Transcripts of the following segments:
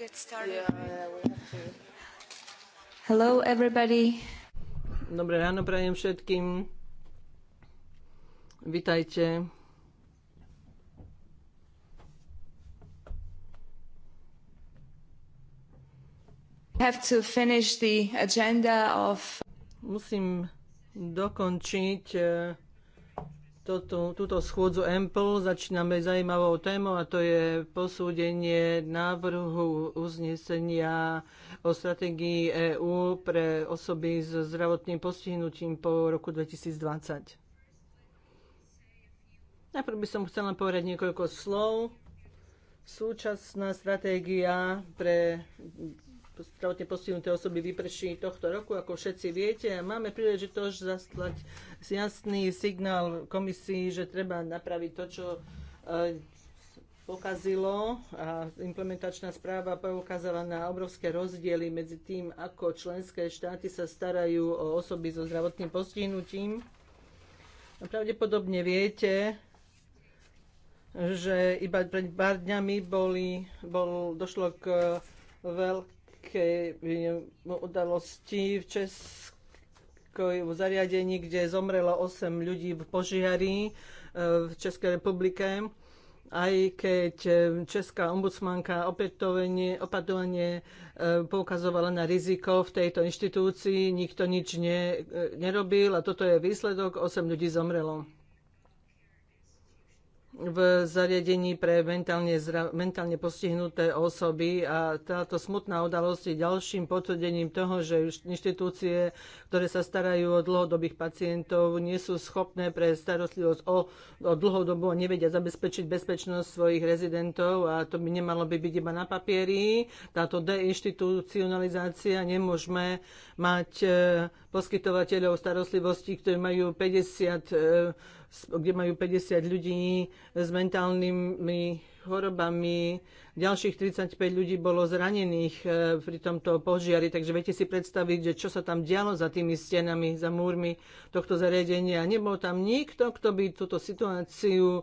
get started. Yeah, yeah, Hello everybody. Dobré ráno prajem všetkým. Vitajte. Have to finish the agenda of... Musím dokončiť uh, toto, túto schôdzu EMPL začíname zaujímavou témou a to je posúdenie návrhu uznesenia o strategii EÚ pre osoby s zdravotným postihnutím po roku 2020. Najprv by som chcela povedať niekoľko slov. Súčasná stratégia pre zdravotne postihnuté osoby vyprší tohto roku, ako všetci viete. A máme príležitosť zaslať jasný signál komisii, že treba napraviť to, čo eh, pokazilo a implementačná správa poukázala na obrovské rozdiely medzi tým, ako členské štáty sa starajú o osoby so zdravotným postihnutím. Pravdepodobne viete, že iba pred pár dňami boli, bol, došlo k eh, veľkým tragické eh, udalosti v Českom zariadení, kde zomrelo 8 ľudí v požiari eh, v Českej republike aj keď eh, česká ombudsmanka opätovne, opatovane poukazovala na riziko v tejto inštitúcii, nikto nič ne, nerobil a toto je výsledok, 8 ľudí zomrelo v zariadení pre mentálne, zra, mentálne postihnuté osoby a táto smutná udalosť je ďalším potvrdením toho, že inštitúcie, ktoré sa starajú o dlhodobých pacientov, nie sú schopné pre starostlivosť o, o dlhodobu a nevedia zabezpečiť bezpečnosť svojich rezidentov a to by nemalo by byť iba na papieri. Táto deinstitucionalizácia nemôžeme mať e, poskytovateľov starostlivosti, ktorí majú 50 e, kde majú 50 ľudí s mentálnymi chorobami. Ďalších 35 ľudí bolo zranených e, pri tomto požiari, takže viete si predstaviť, že čo sa tam dialo za tými stenami, za múrmi tohto zariadenia. Nebol tam nikto, kto by túto situáciu e,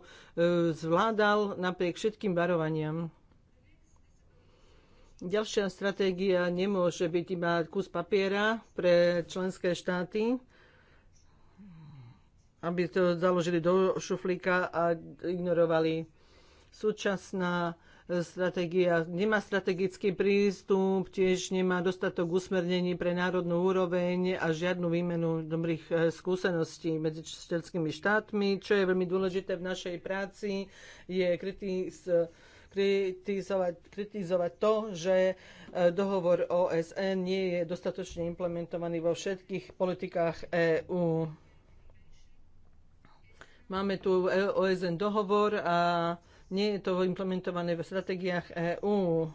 zvládal napriek všetkým varovaniam. Ďalšia stratégia nemôže byť iba kus papiera pre členské štáty aby to založili do šuflíka a ignorovali. Súčasná stratégia nemá strategický prístup, tiež nemá dostatok usmernení pre národnú úroveň a žiadnu výmenu dobrých eh, skúseností medzi členskými štátmi. Čo je veľmi dôležité v našej práci, je kritis, kritizovať, kritizovať to, že eh, dohovor OSN nie je dostatočne implementovaný vo všetkých politikách EÚ Máme tu OSN dohovor a nie je to implementované v stratégiách EÚ.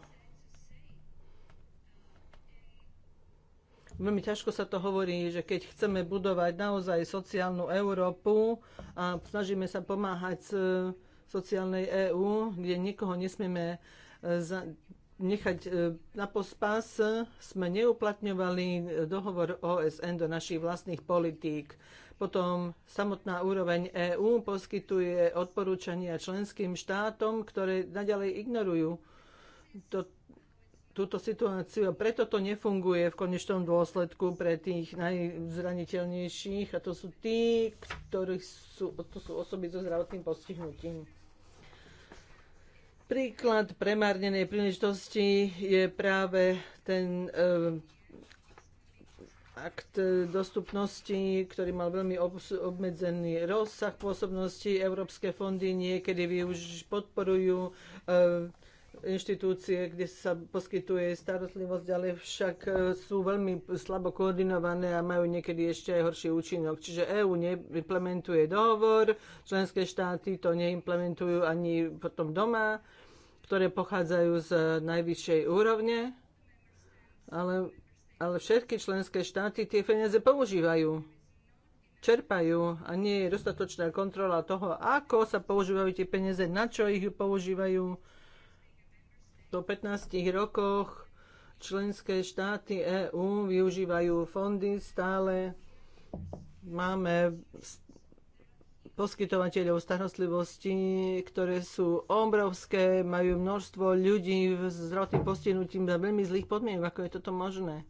Veľmi ťažko sa to hovorí, že keď chceme budovať naozaj sociálnu Európu a snažíme sa pomáhať eh, sociálnej EÚ, kde nikoho nesmieme eh, nechať eh, na pospas, sme neuplatňovali dohovor OSN do našich vlastných politík. Potom samotná úroveň EÚ poskytuje odporúčania členským štátom, ktoré naďalej ignorujú to, túto situáciu a preto to nefunguje v konečnom dôsledku pre tých najzraniteľnejších a to sú tí, ktorí sú, to sú osoby so zdravotným postihnutím. Príklad premárnenej príležitosti je práve ten e, akt dostupnosti, ktorý mal veľmi obmedzený rozsah pôsobnosti. Európske fondy niekedy už podporujú eh, inštitúcie, kde sa poskytuje starostlivosť, ale však eh, sú veľmi slabo koordinované a majú niekedy ešte aj horší účinok. Čiže EÚ neimplementuje dohovor, členské štáty to neimplementujú ani potom doma, ktoré pochádzajú z najvyššej úrovne, ale ale všetky členské štáty tie peniaze používajú, čerpajú a nie je dostatočná kontrola toho, ako sa používajú tie peniaze, na čo ich používajú. Po 15 rokoch členské štáty EÚ využívajú fondy stále. Máme poskytovateľov starostlivosti, ktoré sú obrovské, majú množstvo ľudí s zdravotným postihnutím za veľmi zlých podmienok. Ako je toto možné?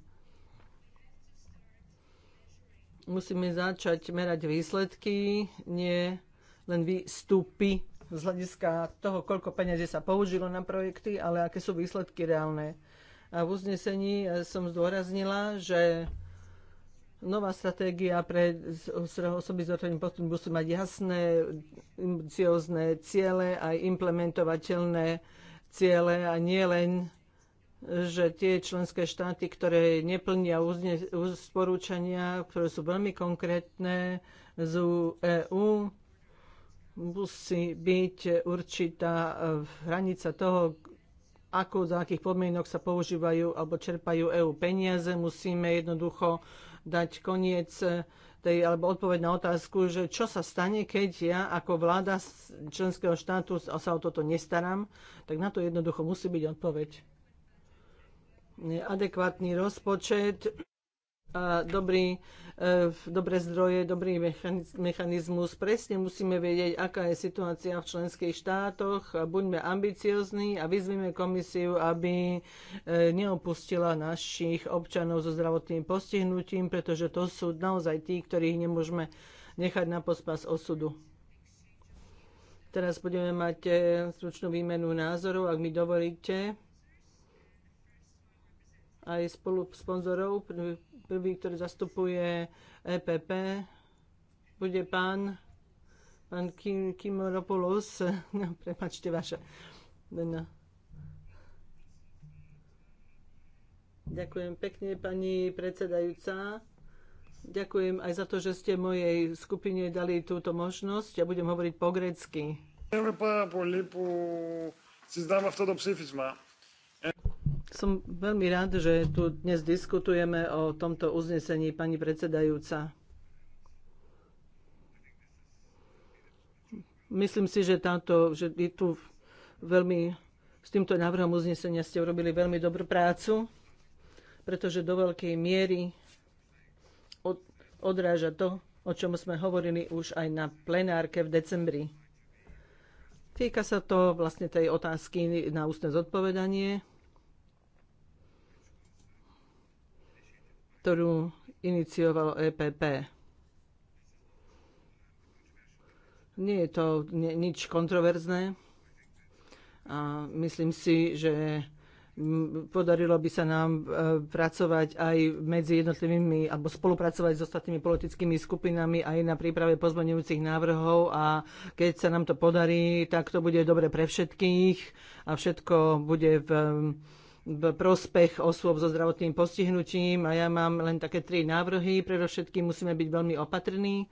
Musíme začať merať výsledky, nie len výstupy z hľadiska toho, koľko peniazy sa použilo na projekty, ale aké sú výsledky reálne. A v uznesení e, som zdôraznila, že nová stratégia pre osoby s otvoreným postupom musí mať jasné, ambiciozne ciele, aj implementovateľné ciele a nie len že tie členské štáty, ktoré neplnia sporúčania, ktoré sú veľmi konkrétne z EÚ, musí byť určitá e, hranica toho, ako, za akých podmienok sa používajú alebo čerpajú EÚ peniaze. Musíme jednoducho dať koniec tej, alebo odpoveď na otázku, že čo sa stane, keď ja ako vláda členského štátu sa o toto nestaram, tak na to jednoducho musí byť odpoveď adekvátny rozpočet, a dobrý, e, dobré zdroje, dobrý mechanizmus. Presne musíme vedieť, aká je situácia v členských štátoch. Buďme ambiciozní a vyzvime komisiu, aby e, neopustila našich občanov so zdravotným postihnutím, pretože to sú naozaj tí, ktorých nemôžeme nechať na pospas osudu. Teraz budeme mať e, stručnú výmenu názorov, ak mi dovolíte aj spolu sponzorov. Prvý, ktorý zastupuje EPP, bude pán, pán Kim, Kimoropoulos. No, prepačte vaše. No. Ďakujem pekne, pani predsedajúca. Ďakujem aj za to, že ste mojej skupine dali túto možnosť. Ja budem hovoriť po grecky. Ευχαριστούμε πάρα πολύ που συζητάμε αυτό το ψήφισμα. Som veľmi rád, že tu dnes diskutujeme o tomto uznesení, pani predsedajúca. Myslím si, že, táto, že tu veľmi, s týmto návrhom uznesenia ste urobili veľmi dobrú prácu, pretože do veľkej miery od, odráža to, o čom sme hovorili už aj na plenárke v decembri. Týka sa to vlastne tej otázky na ústne zodpovedanie. ktorú iniciovalo EPP. Nie je to nič kontroverzné a myslím si, že podarilo by sa nám e, pracovať aj medzi jednotlivými, alebo spolupracovať s ostatnými politickými skupinami aj na príprave pozmeňujúcich návrhov a keď sa nám to podarí, tak to bude dobre pre všetkých a všetko bude v v prospech osôb so zdravotným postihnutím a ja mám len také tri návrhy. Predovšetkým musíme byť veľmi opatrní,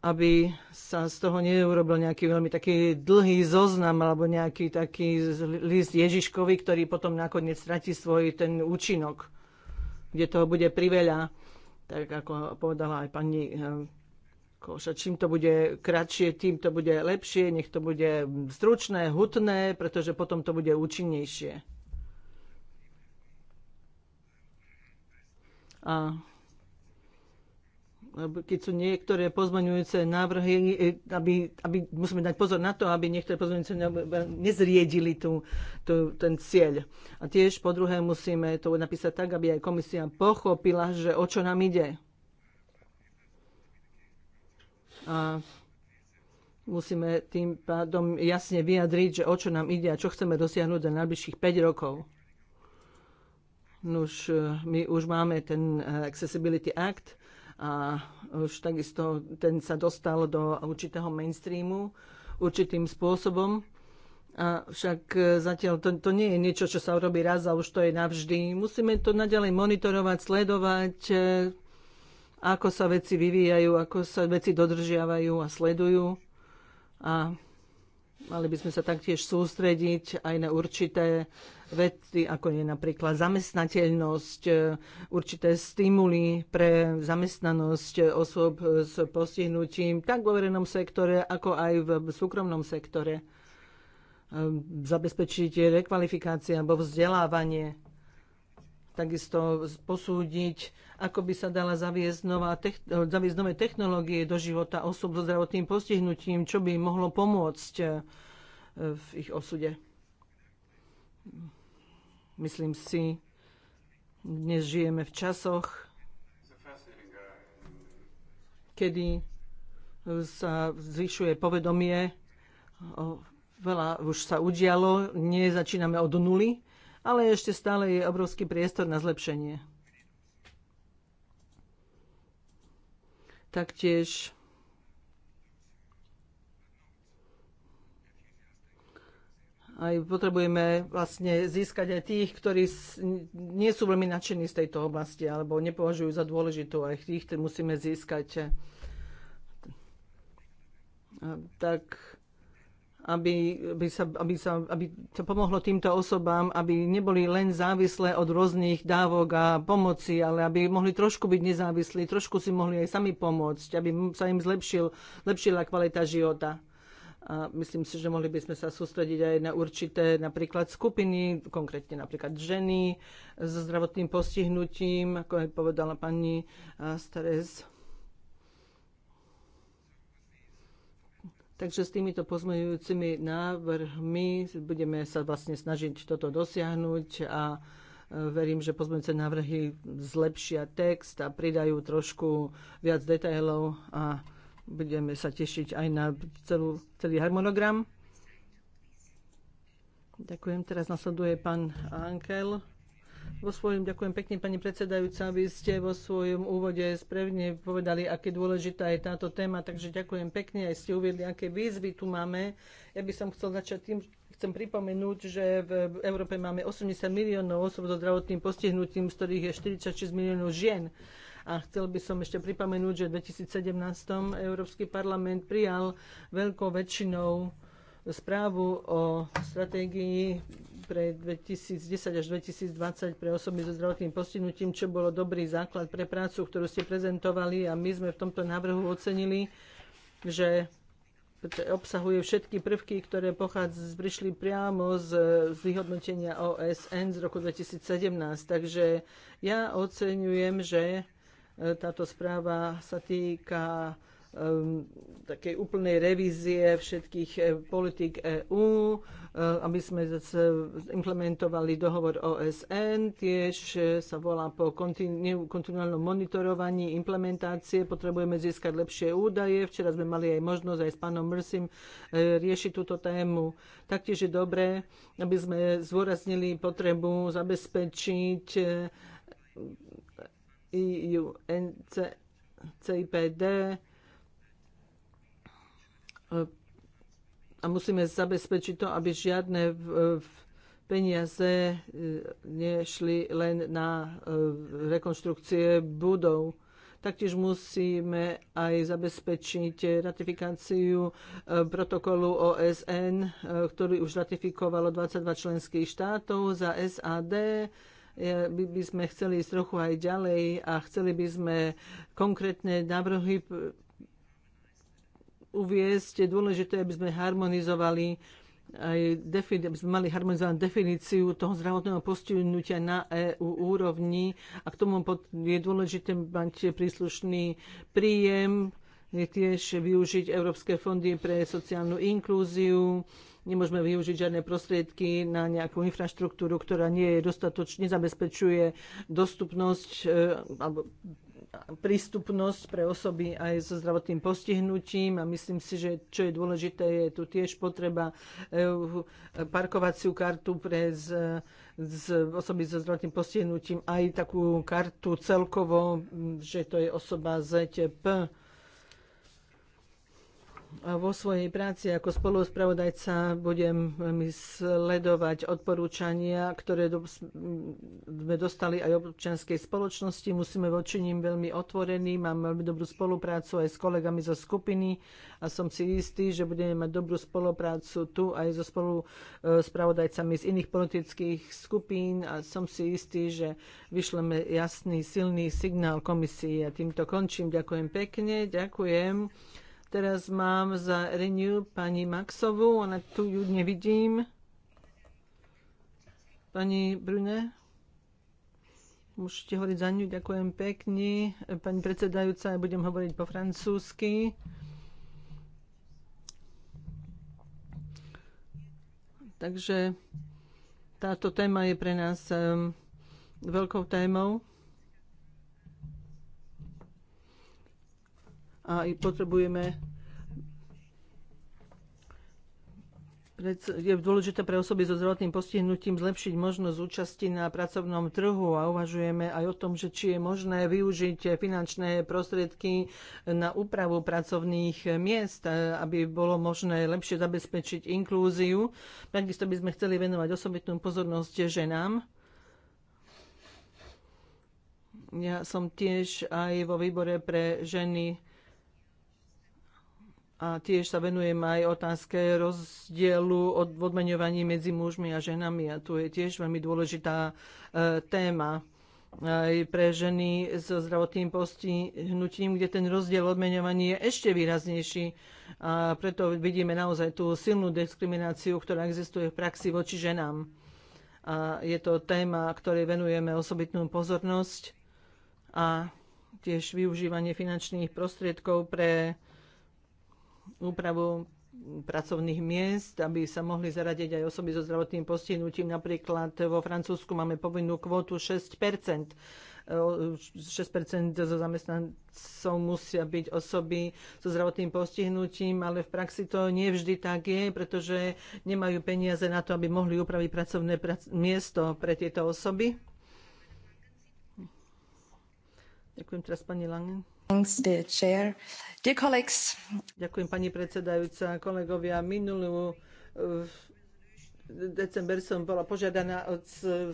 aby sa z toho neurobil nejaký veľmi taký dlhý zoznam alebo nejaký taký list Ježiškovi, ktorý potom nakoniec stratí svoj ten účinok, kde toho bude priveľa, tak ako povedala aj pani eh, koša. Čím to bude kratšie, tým to bude lepšie, nech to bude stručné, hutné, pretože potom to bude účinnejšie. A keď sú niektoré pozmeňujúce návrhy, e, aby, aby musíme dať pozor na to, aby niektoré pozmeňujúce nezriedili tú, tú, ten cieľ. A tiež po druhé musíme to napísať tak, aby aj komisia pochopila, že o čo nám ide a musíme tým pádom jasne vyjadriť, že o čo nám ide a čo chceme dosiahnuť za najbližších 5 rokov. Nuž, e, my už máme ten e, Accessibility Act a už takisto ten sa dostal do určitého mainstreamu určitým spôsobom. A však e, zatiaľ to, to nie je niečo, čo sa urobí raz a už to je navždy. Musíme to naďalej monitorovať, sledovať, ako sa veci vyvíjajú, ako sa veci dodržiavajú a sledujú. A mali by sme sa taktiež sústrediť aj na určité veci, ako je napríklad zamestnateľnosť, e, určité stimuly pre zamestnanosť osôb s postihnutím, tak vo verejnom sektore, ako aj v súkromnom sektore. E, zabezpečiť rekvalifikácia alebo vzdelávanie takisto posúdiť, ako by sa dala zaviesť, nová techn- zaviesť nové technológie do života osob so zdravotným postihnutím, čo by im mohlo pomôcť e, v ich osude. Myslím si, dnes žijeme v časoch, kedy sa zvyšuje povedomie. Veľa už sa udialo, nezačíname od nuly ale ešte stále je obrovský priestor na zlepšenie. Taktiež aj potrebujeme vlastne získať aj tých, ktorí nie sú veľmi nadšení z tejto oblasti alebo nepovažujú za dôležitú, aj tých musíme získať. Tak aby, aby, sa, aby, sa, aby to pomohlo týmto osobám, aby neboli len závislé od rôznych dávok a pomoci, ale aby mohli trošku byť nezávislí, trošku si mohli aj sami pomôcť, aby sa im zlepšil, zlepšila kvalita života. A myslím si, že mohli by sme sa sústrediť aj na určité napríklad skupiny, konkrétne napríklad ženy so zdravotným postihnutím, ako aj povedala pani eh, Stares. Takže s týmito pozmeňujúcimi návrhmi budeme sa vlastne snažiť toto dosiahnuť a e, verím, že pozmeňujúce návrhy zlepšia text a pridajú trošku viac detailov a budeme sa tešiť aj na celú, celý harmonogram. Ďakujem. Teraz nasleduje pán Ankel. Vo svojom, ďakujem pekne, pani predsedajúca, vy ste vo svojom úvode správne povedali, aké dôležitá je táto téma, takže ďakujem pekne, aj ste uviedli, aké výzvy tu máme. Ja by som chcel začať tým, chcem pripomenúť, že v Európe máme 80 miliónov osob so zdravotným postihnutím, z ktorých je 46 miliónov žien. A chcel by som ešte pripomenúť, že v 2017 Európsky parlament prijal veľkou väčšinou správu o stratégii pre 2010 až 2020 pre osoby so zdravotným postihnutím, čo bolo dobrý základ pre prácu, ktorú ste prezentovali a my sme v tomto návrhu ocenili, že obsahuje všetky prvky, ktoré prišli priamo z, z vyhodnotenia OSN z roku 2017. Takže ja oceňujem, že e, táto správa sa týka Ehm, takej úplnej revízie všetkých eh, politik EÚ, ehm, aby sme implementovali dohovor OSN. Tiež eh, sa volá po kontinu, kontinuálnom monitorovaní implementácie. Potrebujeme získať lepšie údaje. Včera sme mali aj možnosť aj s pánom Mrsim eh, riešiť túto tému. Taktiež je dobré, aby sme zvoraznili potrebu zabezpečiť IUNCIPD a musíme zabezpečiť to, aby žiadne peniaze e, nešli len na e, rekonštrukcie budov. Taktiež musíme aj zabezpečiť ratifikáciu e, protokolu OSN, ktorý už ratifikovalo 22 členských štátov za SAD by, by sme chceli ísť trochu aj ďalej a chceli by sme konkrétne návrhy uviesť. Dôležité, aby sme harmonizovali aj defini- aby sme mali harmonizovanú definíciu toho zdravotného postihnutia na EU úrovni a k tomu je dôležité mať príslušný príjem, je tiež využiť európske fondy pre sociálnu inklúziu, nemôžeme využiť žiadne prostriedky na nejakú infraštruktúru, ktorá nie je dostatočne, nezabezpečuje dostupnosť e, alebo prístupnosť pre osoby aj so zdravotným postihnutím a myslím si, že čo je dôležité, je tu tiež potreba eh, parkovaciu kartu pre z, z osoby so zdravotným postihnutím, aj takú kartu celkovo, mm, že to je osoba ZTP vo svojej práci ako spoluspravodajca budem sledovať odporúčania, ktoré sme dostali aj občianskej spoločnosti. Musíme voči nim veľmi otvorení. Mám veľmi dobrú spoluprácu aj s kolegami zo skupiny a som si istý, že budeme mať dobrú spoluprácu tu aj so spoluspravodajcami z iných politických skupín a som si istý, že vyšleme jasný, silný signál komisii. A týmto končím. Ďakujem pekne. Ďakujem. Teraz mám za Renew pani Maxovú, ona tu ju nevidím. Pani Brune, môžete hovoriť za ňu, ďakujem pekne. Pani predsedajúca, ja budem hovoriť po francúzsky. Takže táto téma je pre nás um, veľkou témou. a potrebujeme je dôležité pre osoby so zdravotným postihnutím zlepšiť možnosť účasti na pracovnom trhu a uvažujeme aj o tom, že či je možné využiť finančné prostriedky na úpravu pracovných miest, e, aby bolo možné lepšie zabezpečiť inklúziu. Takisto by sme chceli venovať osobitnú pozornosť ženám. Ja som tiež aj vo výbore pre ženy a tiež sa venujem aj otázke rozdielu od odmeňovaní medzi mužmi a ženami a tu je tiež veľmi dôležitá e, téma aj pre ženy so zdravotným postihnutím, kde ten rozdiel odmeňovaní je ešte výraznejší. A preto vidíme naozaj tú silnú diskrimináciu, ktorá existuje v praxi voči ženám. A je to téma, ktorej venujeme osobitnú pozornosť a tiež využívanie finančných prostriedkov pre úpravu pracovných miest, aby sa mohli zaradiť aj osoby so zdravotným postihnutím. Napríklad vo Francúzsku máme povinnú kvotu 6 6 zo zamestnancov musia byť osoby so zdravotným postihnutím, ale v praxi to nie vždy tak je, pretože nemajú peniaze na to, aby mohli upraviť pracovné prac miesto pre tieto osoby. Ďakujem teraz pani Langen. Ďakujem pani predsedajúca, kolegovia. Minulú eh, december som bola požiadaná od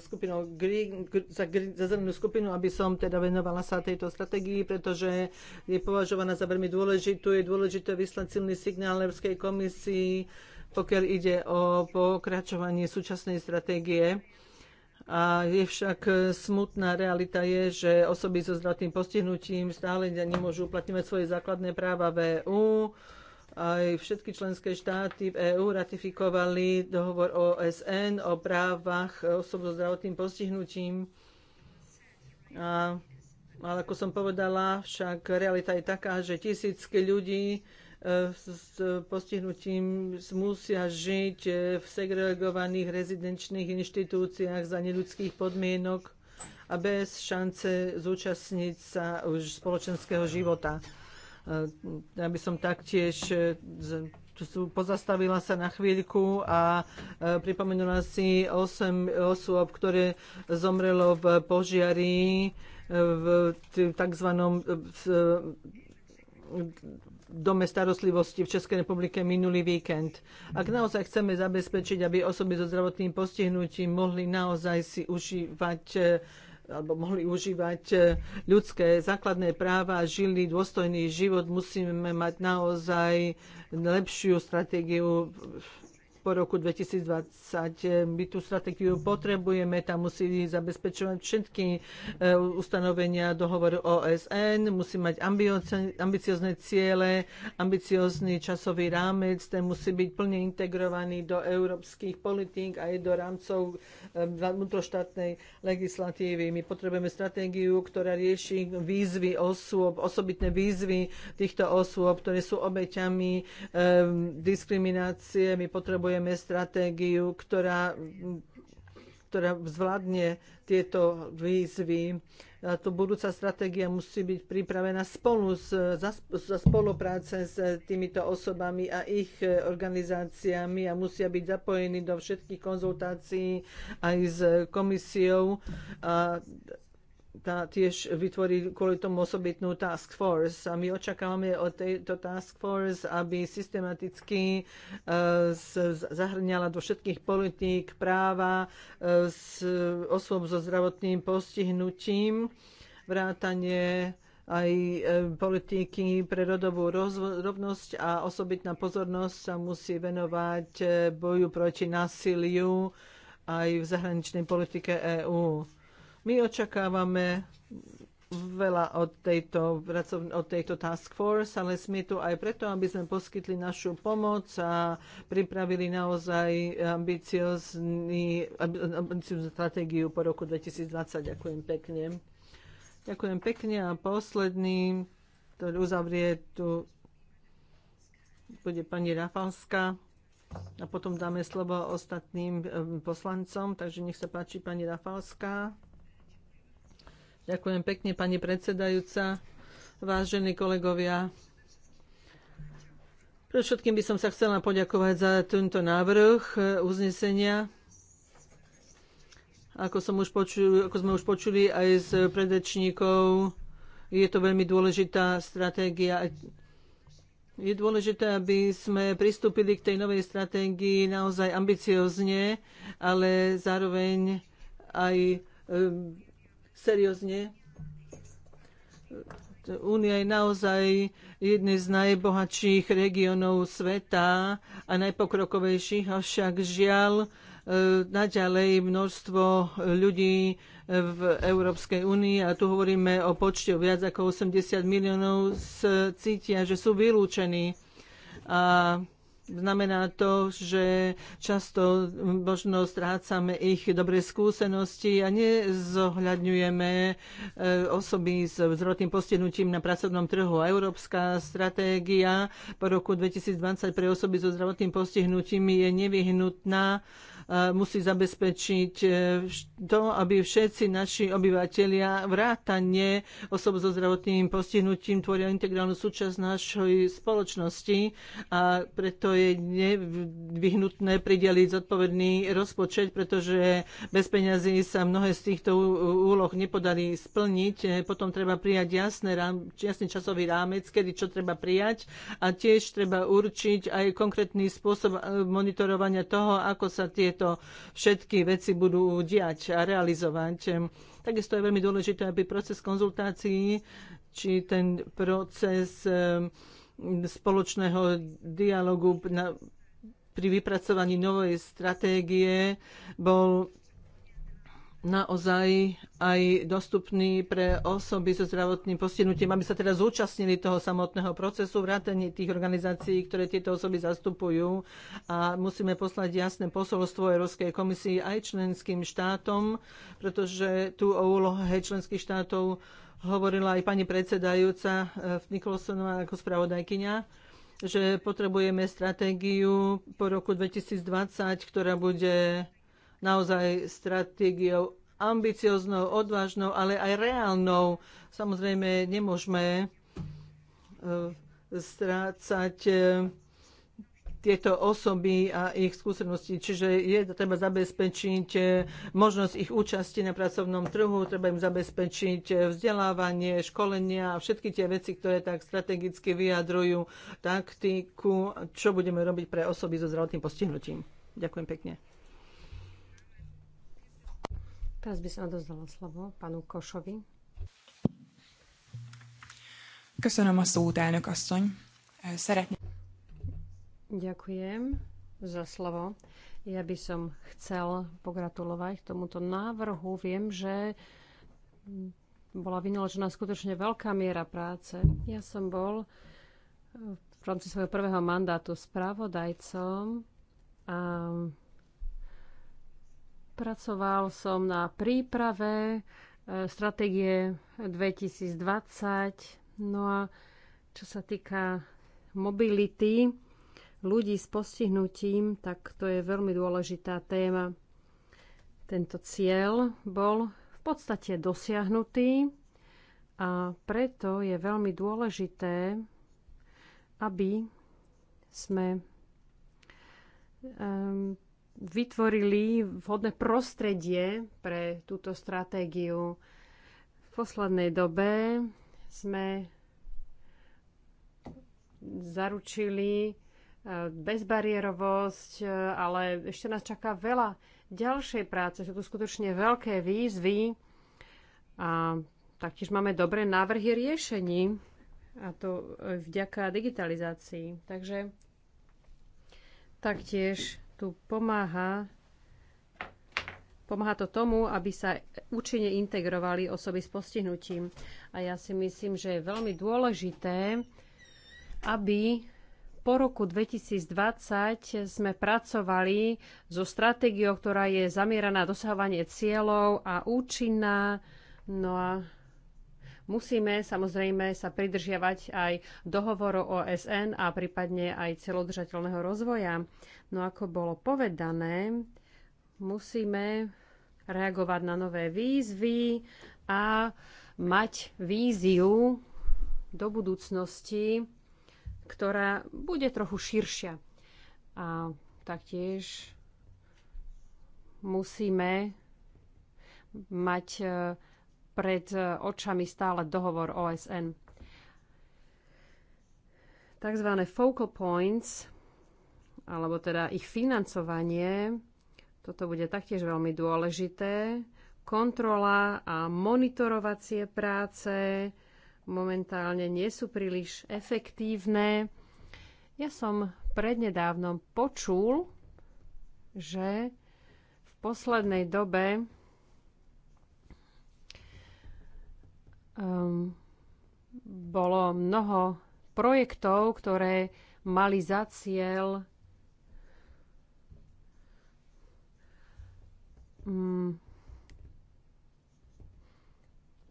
skupinou Green, za, za zelenú skupinu, aby som teda venovala sa tejto stratégii, pretože je považovaná za veľmi dôležitú. Je dôležité vyslať silný signál Európskej komisii, pokiaľ ide o pokračovanie súčasnej stratégie a je však e, smutná realita je, že osoby so zdravotným postihnutím stále nemôžu uplatňovať svoje základné práva v EÚ. Aj všetky členské štáty v EÚ ratifikovali dohovor OSN o právach osob so zdravotným postihnutím. A, ale ako som povedala, však realita je taká, že tisícky ľudí s postihnutím musia žiť e, v segregovaných rezidenčných inštitúciách za neludských podmienok a bez šance zúčastniť sa už spoločenského života. E, ja by som taktiež e, pozastavila sa na chvíľku a pripomenula si 8 osôb, ktoré zomrelo v požiari v tzv dome starostlivosti v Českej republike minulý víkend. Ak naozaj chceme zabezpečiť, aby osoby so zdravotným postihnutím mohli naozaj si užívať e, alebo mohli užívať e, ľudské základné práva a žili dôstojný život, musíme mať naozaj lepšiu stratégiu po roku 2020. My tú stratégiu potrebujeme, tam musí zabezpečovať všetky e, ustanovenia dohovoru OSN, musí mať ambiciozne ciele, ambiciozný časový rámec, ten musí byť plne integrovaný do európskych politík aj do rámcov e, vnútroštátnej legislatívy. My potrebujeme stratégiu, ktorá rieši výzvy osôb, osobitné výzvy týchto osôb, ktoré sú obeťami e, diskriminácie. My potrebujeme potrebujeme stratégiu, ktorá, ktorá zvládne tieto výzvy. A to budúca stratégia musí byť pripravená spolu s, za, za spolupráce s týmito osobami a ich organizáciami a musia byť zapojení do všetkých konzultácií aj s komisiou. A tá tiež vytvorí kvôli tomu osobitnú task force a my očakávame od tejto task force, aby systematicky e, zahrňala do všetkých politík práva z e, osôb so zdravotným postihnutím, vrátanie aj e, politiky pre rodovú rovnosť a osobitná pozornosť sa musí venovať boju proti násiliu aj v zahraničnej politike EÚ my očakávame veľa od tejto, od tejto task force, ale sme tu aj preto, aby sme poskytli našu pomoc a pripravili naozaj ambiciozný, stratégiu po roku 2020. Ďakujem pekne. Ďakujem pekne a posledný, ktorý uzavrie tu, bude pani Rafalská a potom dáme slovo ostatným ehm, poslancom, takže nech sa páči pani Rafalská. Ďakujem pekne, pani predsedajúca, vážení kolegovia. Pre všetkým by som sa chcela poďakovať za tento návrh e, uznesenia. Ako, som už počul, ako sme už počuli aj z predrečníkov, je to veľmi dôležitá stratégia. Je dôležité, aby sme pristúpili k tej novej stratégii naozaj ambiciozne, ale zároveň aj e, seriózne. Únia je naozaj jedný z najbohatších regionov sveta a najpokrokovejších, avšak žiaľ, e, naďalej množstvo ľudí v Európskej únii, a tu hovoríme o počte viac ako 80 miliónov, cítia, že sú vylúčení. A Znamená to, že často možno strácame ich dobré skúsenosti a nezohľadňujeme e, osoby s zdravotným postihnutím na pracovnom trhu. Európska stratégia po roku 2020 pre osoby so zdravotným postihnutím je nevyhnutná musí zabezpečiť e, to, aby všetci naši obyvateľia vrátane osob so zdravotným postihnutím tvoria integrálnu súčasť našej spoločnosti a preto je nevyhnutné prideliť zodpovedný rozpočet, pretože bez peňazí sa mnohé z týchto úloh nepodarí splniť. E, potom treba prijať jasné, jasný časový rámec, kedy čo treba prijať a tiež treba určiť aj konkrétny spôsob e, monitorovania toho, ako sa tie tieto všetky veci budú diať a realizovať. Takisto je veľmi dôležité, aby proces konzultácií, či ten proces spoločného dialogu na, pri vypracovaní novej stratégie bol naozaj aj dostupný pre osoby so zdravotným postihnutím, aby sa teda zúčastnili toho samotného procesu, vrátanie tých organizácií, ktoré tieto osoby zastupujú. A musíme poslať jasné posolstvo Európskej komisii aj členským štátom, pretože tu o úlohe členských štátov hovorila aj pani predsedajúca eh, Nikolsonová ako spravodajkyňa že potrebujeme stratégiu po roku 2020, ktorá bude naozaj stratégiou ambicioznou, odvážnou, ale aj reálnou. Samozrejme, nemôžeme e, strácať e, tieto osoby a ich skúsenosti. Čiže je treba zabezpečiť e, možnosť ich účasti na pracovnom trhu, treba im zabezpečiť vzdelávanie, školenia a všetky tie veci, ktoré tak strategicky vyjadrujú taktiku, čo budeme robiť pre osoby so zdravotným postihnutím. Ďakujem pekne. Teraz by som odozdala slovo panu Košovi. Köszönöm a szót, elnök asszony. Szeretném... Ďakujem za slovo. Ja by som chcel pogratulovať tomuto návrhu. Viem, že bola vynaložená skutočne veľká miera práce. Ja som bol v rámci svojho prvého mandátu spravodajcom a Pracoval som na príprave e, stratégie 2020. No a čo sa týka mobility ľudí s postihnutím, tak to je veľmi dôležitá téma. Tento cieľ bol v podstate dosiahnutý a preto je veľmi dôležité, aby sme vytvorili vhodné prostredie pre túto stratégiu. V poslednej dobe sme zaručili e, bezbariérovosť, e, ale ešte nás čaká veľa ďalšej práce. Sú tu skutočne veľké výzvy a taktiež máme dobré návrhy riešení a to e, vďaka digitalizácii. Takže taktiež tu pomáha Pomáha to tomu, aby sa účinne integrovali osoby s postihnutím. A ja si myslím, že je veľmi dôležité, aby po roku 2020 sme pracovali so stratégiou, ktorá je na dosahovanie cieľov a účinná. No a Musíme samozrejme sa pridržiavať aj dohovoru OSN a prípadne aj celodržateľného rozvoja. No ako bolo povedané, musíme reagovať na nové výzvy a mať víziu do budúcnosti, ktorá bude trochu širšia. A taktiež musíme mať pred e, očami stále dohovor OSN. Takzvané focal points, alebo teda ich financovanie, toto bude taktiež veľmi dôležité, kontrola a monitorovacie práce momentálne nie sú príliš efektívne. Ja som prednedávnom počul, že v poslednej dobe um, bolo mnoho projektov, ktoré mali za cieľ um,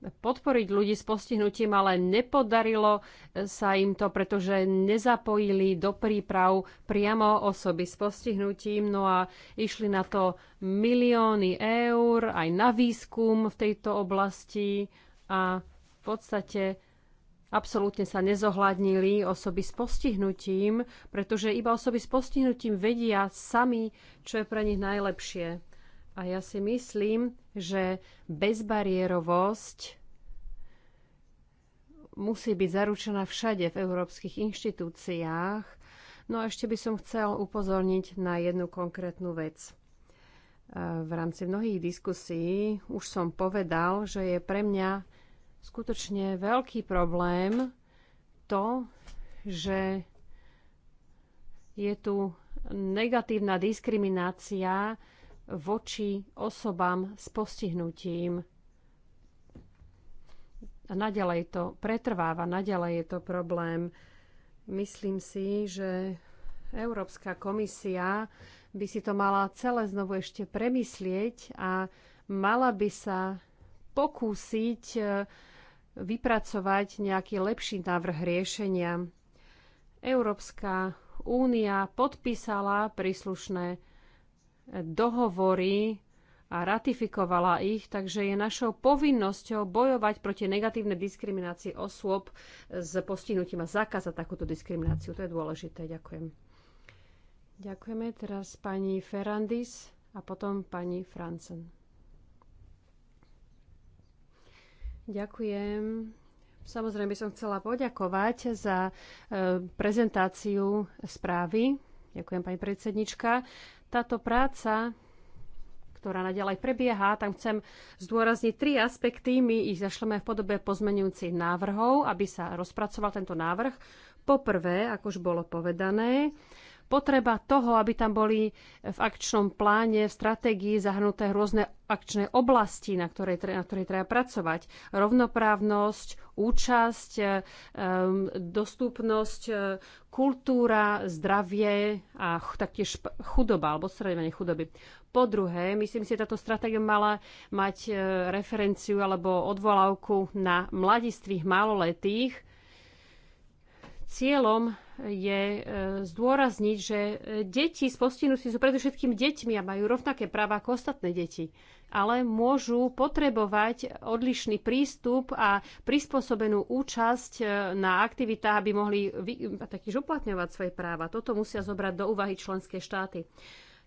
podporiť ľudí s postihnutím, ale nepodarilo e, sa im to, pretože nezapojili do príprav priamo osoby s postihnutím. No a išli na to milióny eur aj na výskum v tejto oblasti a podstate absolútne sa nezohľadnili osoby s postihnutím, pretože iba osoby s postihnutím vedia sami, čo je pre nich najlepšie. A ja si myslím, že bezbariérovosť musí byť zaručená všade v európskych inštitúciách. No a ešte by som chcel upozorniť na jednu konkrétnu vec. E, v rámci mnohých diskusí už som povedal, že je pre mňa skutočne veľký problém to, že je tu negatívna diskriminácia voči osobám s postihnutím. A naďalej to pretrváva, naďalej je to problém. Myslím si, že Európska komisia by si to mala celé znovu ešte premyslieť a mala by sa pokúsiť eh, vypracovať nejaký lepší návrh riešenia. Európska únia podpísala príslušné dohovory a ratifikovala ich, takže je našou povinnosťou bojovať proti negatívnej diskriminácii osôb s postihnutím a zakázať takúto diskrimináciu. To je dôležité. Ďakujem. Ďakujeme teraz pani Ferrandis a potom pani Francen. Ďakujem. Samozrejme by som chcela poďakovať za e, prezentáciu správy. Ďakujem, pani predsednička. Táto práca, ktorá naďalej prebieha, tam chcem zdôrazniť tri aspekty. My ich zašleme v podobe pozmenujúcich návrhov, aby sa rozpracoval tento návrh. Poprvé, ako už bolo povedané, potreba toho, aby tam boli v akčnom pláne, v stratégii zahrnuté rôzne akčné oblasti, na ktorej, na ktorej treba pracovať. Rovnoprávnosť, účasť, eh, dostupnosť, eh, kultúra, zdravie a taktiež chudoba alebo odstraňovanie chudoby. Po druhé, myslím si, že táto stratégia mala mať eh, referenciu alebo odvolávku na mladistvých, maloletých, Cieľom je e, zdôrazniť, že deti s postihnutím sú predovšetkým deťmi a majú rovnaké práva ako ostatné deti, ale môžu potrebovať odlišný prístup a prispôsobenú účasť e, na aktivitách, aby mohli takýž uplatňovať svoje práva. Toto musia zobrať do úvahy členské štáty.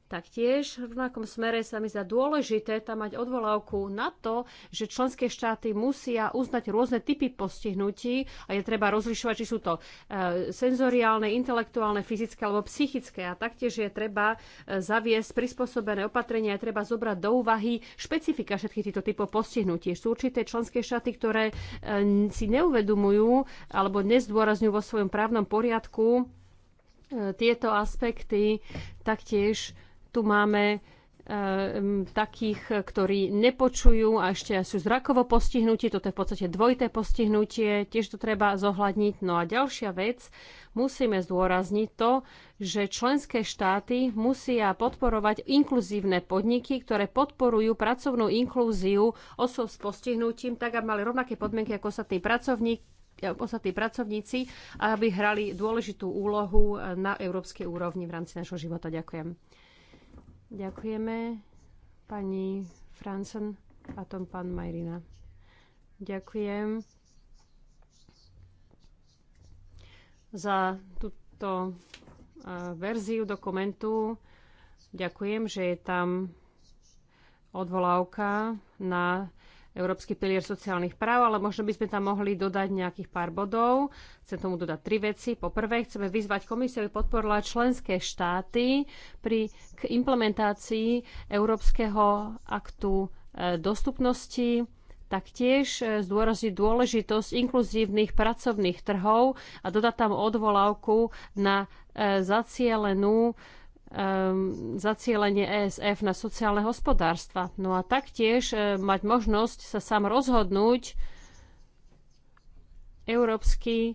Taktiež v rovnakom smere sa mi zdá dôležité tam mať odvolávku na to, že členské štáty musia uznať rôzne typy postihnutí a je treba rozlišovať, či sú to e, senzoriálne, intelektuálne, fyzické alebo psychické. A taktiež je treba e, zaviesť prispôsobené opatrenia, a treba zobrať do úvahy špecifika všetkých týchto typov postihnutí. Sú určité členské štáty, ktoré e, si neuvedomujú alebo nezdôrazňujú vo svojom právnom poriadku tieto aspekty, taktiež tu máme eh, takých, ktorí nepočujú a ešte sú zrakovo postihnutí. Toto je v podstate dvojité postihnutie, tiež to treba zohľadniť. No a ďalšia vec, musíme zdôrazniť to, že členské štáty musia podporovať inkluzívne podniky, ktoré podporujú pracovnú inklúziu osob s postihnutím, tak aby mali rovnaké podmienky ako ostatní pracovník, ostatní pracovníci, aby hrali dôležitú úlohu eh, na európskej úrovni v rámci našho života. Ďakujem. Ďakujeme pani Franson a tom pán Majrina. Ďakujem za túto e, verziu dokumentu. Ďakujem, že je tam odvolávka na Európsky pilier sociálnych práv, ale možno by sme tam mohli dodať nejakých pár bodov. Chcem tomu dodať tri veci. Po prvé, chceme vyzvať komisiu, aby podporila členské štáty pri k implementácii Európskeho aktu e, dostupnosti taktiež e, zdôrazniť dôležitosť inkluzívnych pracovných trhov a dodať tam odvolávku na e, zacielenú um, zacielenie ESF na sociálne hospodárstva. No a taktiež um, mať možnosť sa sám rozhodnúť európsky e,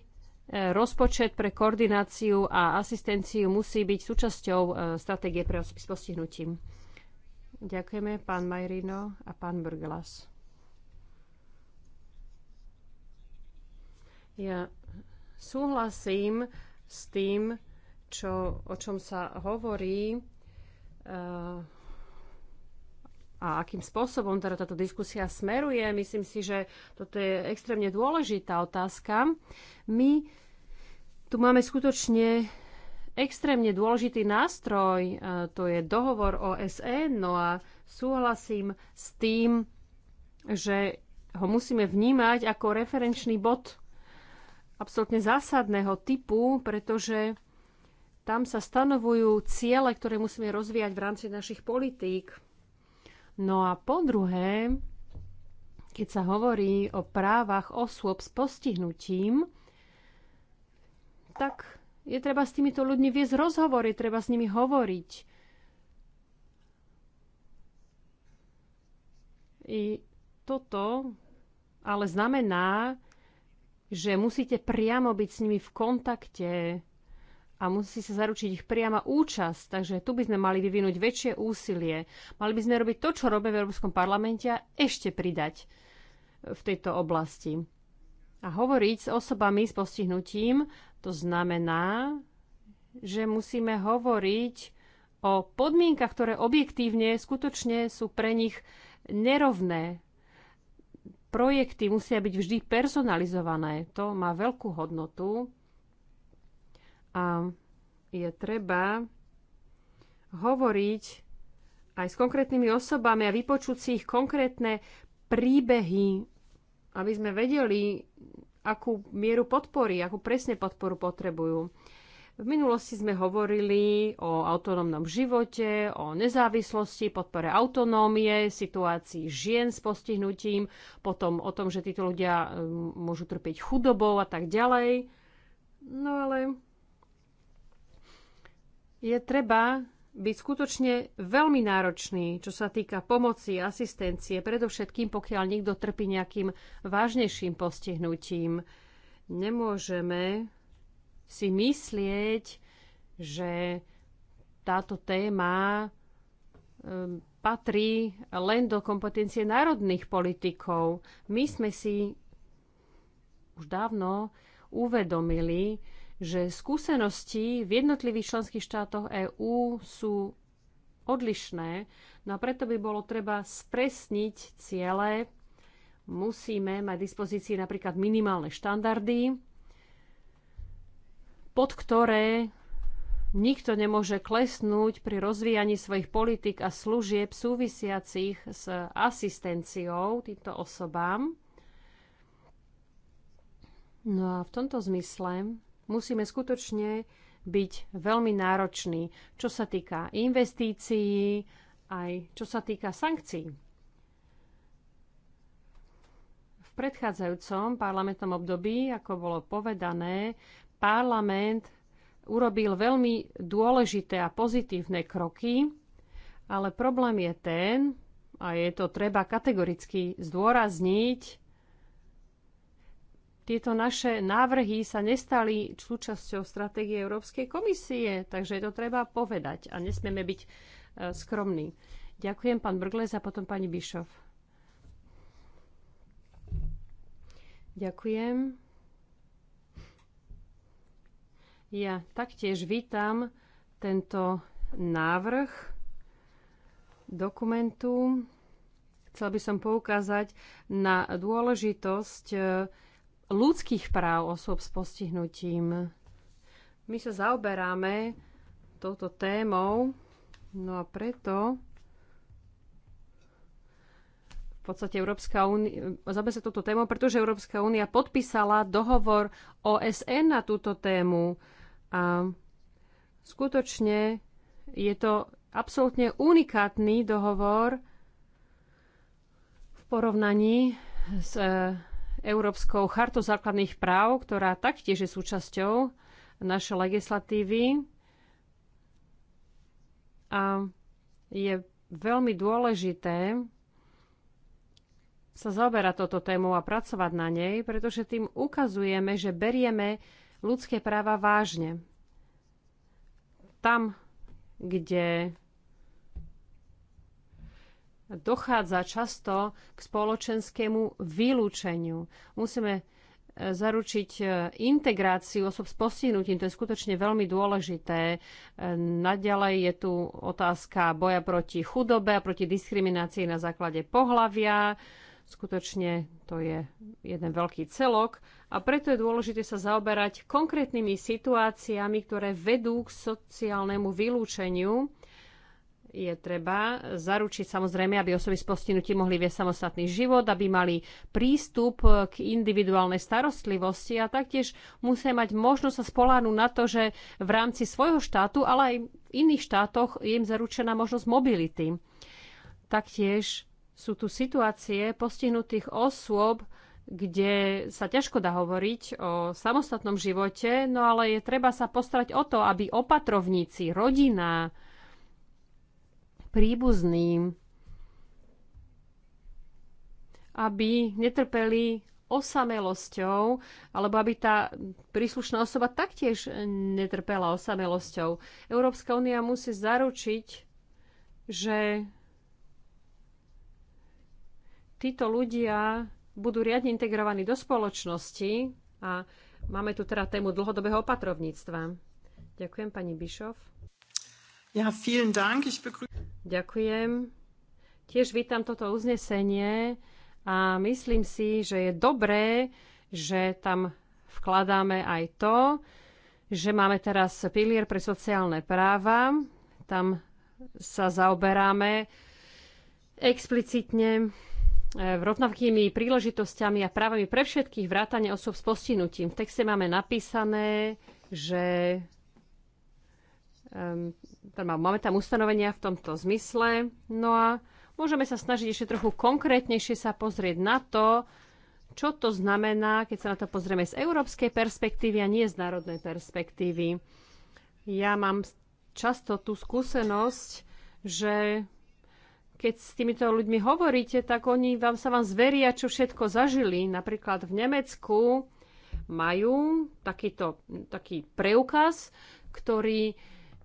rozpočet pre koordináciu a asistenciu musí byť súčasťou e, stratégie pre osoby s postihnutím. Ďakujeme pán Majrino a pán Brglas. Ja súhlasím s tým, čo, o čom sa hovorí eh, a akým spôsobom teda táto diskusia smeruje. Myslím si, že toto je extrémne dôležitá otázka. My tu máme skutočne extrémne dôležitý nástroj, eh, to je dohovor OSN, e, no a súhlasím s tým, že ho musíme vnímať ako referenčný bod absolútne zásadného typu, pretože tam sa stanovujú ciele, ktoré musíme rozvíjať v rámci našich politík. No a po druhé, keď sa hovorí o právach osôb s postihnutím, tak je treba s týmito ľuďmi viesť rozhovory, treba s nimi hovoriť. I toto ale znamená, že musíte priamo byť s nimi v kontakte, a musí sa zaručiť ich priama účasť. Takže tu by sme mali vyvinúť väčšie úsilie. Mali by sme robiť to, čo robíme v Európskom parlamente a ešte pridať v tejto oblasti. A hovoriť s osobami s postihnutím, to znamená, že musíme hovoriť o podmienkach, ktoré objektívne skutočne sú pre nich nerovné. Projekty musia byť vždy personalizované. To má veľkú hodnotu a je treba hovoriť aj s konkrétnymi osobami a vypočuť si ich konkrétne príbehy, aby sme vedeli, akú mieru podpory, akú presne podporu potrebujú. V minulosti sme hovorili o autonómnom živote, o nezávislosti, podpore autonómie, situácii žien s postihnutím, potom o tom, že títo ľudia um, môžu trpieť chudobou a tak ďalej. No ale je treba byť skutočne veľmi náročný, čo sa týka pomoci, asistencie, predovšetkým pokiaľ niekto trpí nejakým vážnejším postihnutím. Nemôžeme si myslieť, že táto téma ehm, patrí len do kompetencie národných politikov. My sme si už dávno uvedomili, že skúsenosti v jednotlivých členských štátoch EÚ sú odlišné, no a preto by bolo treba spresniť ciele. Musíme mať dispozícii napríklad minimálne štandardy, pod ktoré nikto nemôže klesnúť pri rozvíjaní svojich politik a služieb súvisiacich s asistenciou týmto osobám. No a v tomto zmysle musíme skutočne byť veľmi nároční, čo sa týka investícií, aj čo sa týka sankcií. V predchádzajúcom parlamentnom období, ako bolo povedané, parlament urobil veľmi dôležité a pozitívne kroky, ale problém je ten, a je to treba kategoricky zdôrazniť, tieto naše návrhy sa nestali súčasťou stratégie Európskej komisie, takže to treba povedať a nesmieme byť e, skromní. Ďakujem pán Brgles a potom pani Bišov. Ďakujem. Ja taktiež vítam tento návrh dokumentu. Chcel by som poukázať na dôležitosť e, ľudských práv osôb s postihnutím. My sa zaoberáme touto témou, no a preto v podstate Európska únia, zaoberá sa touto témou, pretože Európska únia podpísala dohovor OSN na túto tému a skutočne je to absolútne unikátny dohovor v porovnaní s eh, Európskou chartou základných práv, ktorá taktiež je súčasťou našej legislatívy a je veľmi dôležité sa zaoberať toto tému a pracovať na nej, pretože tým ukazujeme, že berieme ľudské práva vážne. Tam, kde dochádza často k spoločenskému vylúčeniu. Musíme e, zaručiť e, integráciu osob s postihnutím. To je skutočne veľmi dôležité. E, naďalej je tu otázka boja proti chudobe a proti diskriminácii na základe pohlavia. Skutočne to je jeden veľký celok a preto je dôležité sa zaoberať konkrétnymi situáciami, ktoré vedú k sociálnemu vylúčeniu je treba zaručiť samozrejme, aby osoby s postihnutím mohli viesť samostatný život, aby mali prístup k individuálnej starostlivosti a taktiež musia mať možnosť sa spoláhnuť na to, že v rámci svojho štátu, ale aj v iných štátoch je im zaručená možnosť mobility. Taktiež sú tu situácie postihnutých osôb, kde sa ťažko dá hovoriť o samostatnom živote, no ale je treba sa postarať o to, aby opatrovníci, rodina, príbuzným, aby netrpeli osamelosťou, alebo aby tá príslušná osoba taktiež netrpela osamelosťou. Európska únia musí zaručiť, že títo ľudia budú riadne integrovaní do spoločnosti a máme tu teda tému dlhodobého opatrovníctva. Ďakujem, pani Bišov. Ja, vielen Dank. Ich begrü- Ďakujem. Tiež vítam toto uznesenie a myslím si, že je dobré, že tam vkladáme aj to, že máme teraz pilier pre sociálne práva. Tam sa zaoberáme explicitne eh, rovnakými príležitosťami a právami pre všetkých vrátane osob s postihnutím. V texte máme napísané, že Ehm, máme tam ustanovenia v tomto zmysle. No a môžeme sa snažiť ešte trochu konkrétnejšie sa pozrieť na to, čo to znamená, keď sa na to pozrieme z európskej perspektívy a nie z národnej perspektívy. Ja mám často tú skúsenosť, že keď s týmito ľuďmi hovoríte, tak oni vám sa vám zveria, čo všetko zažili. Napríklad v Nemecku majú takýto, taký preukaz, ktorý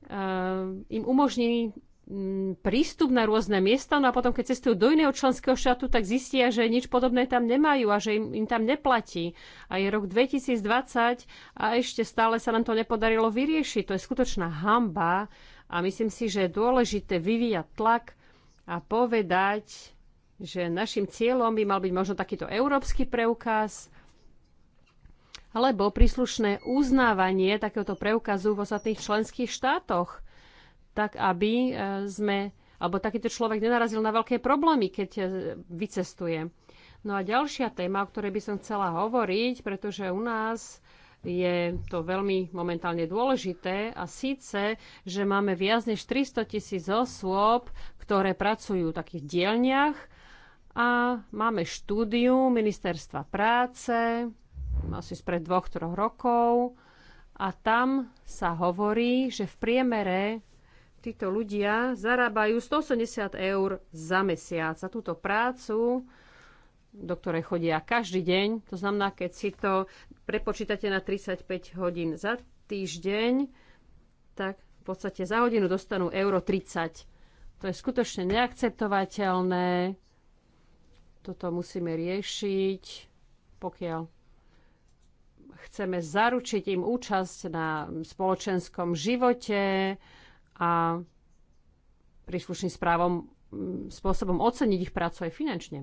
Ehm, im umožní mm, prístup na rôzne miesta, no a potom, keď cestujú do iného členského štátu, tak zistia, že nič podobné tam nemajú a že im, im tam neplatí. A je rok 2020 a ešte stále sa nám to nepodarilo vyriešiť. To je skutočná hamba a myslím si, že je dôležité vyvíjať tlak a povedať, že našim cieľom by mal byť možno takýto európsky preukaz, alebo príslušné uznávanie takéhoto preukazu v ostatných členských štátoch, tak aby e, sme, alebo takýto človek nenarazil na veľké problémy, keď e, vycestuje. No a ďalšia téma, o ktorej by som chcela hovoriť, pretože u nás je to veľmi momentálne dôležité a síce, že máme viac než 300 tisíc osôb, ktoré pracujú v takých dielniach a máme štúdiu Ministerstva práce, asi spred dvoch, troch rokov. A tam sa hovorí, že v priemere títo ľudia zarábajú 180 eur za mesiac a túto prácu, do ktorej chodia každý deň. To znamená, keď si to prepočítate na 35 hodín za týždeň, tak v podstate za hodinu dostanú euro 30. To je skutočne neakceptovateľné. Toto musíme riešiť, pokiaľ Chceme zaručiť im účasť na spoločenskom živote a príslušným správom mm, spôsobom oceniť ich prácu aj finančne.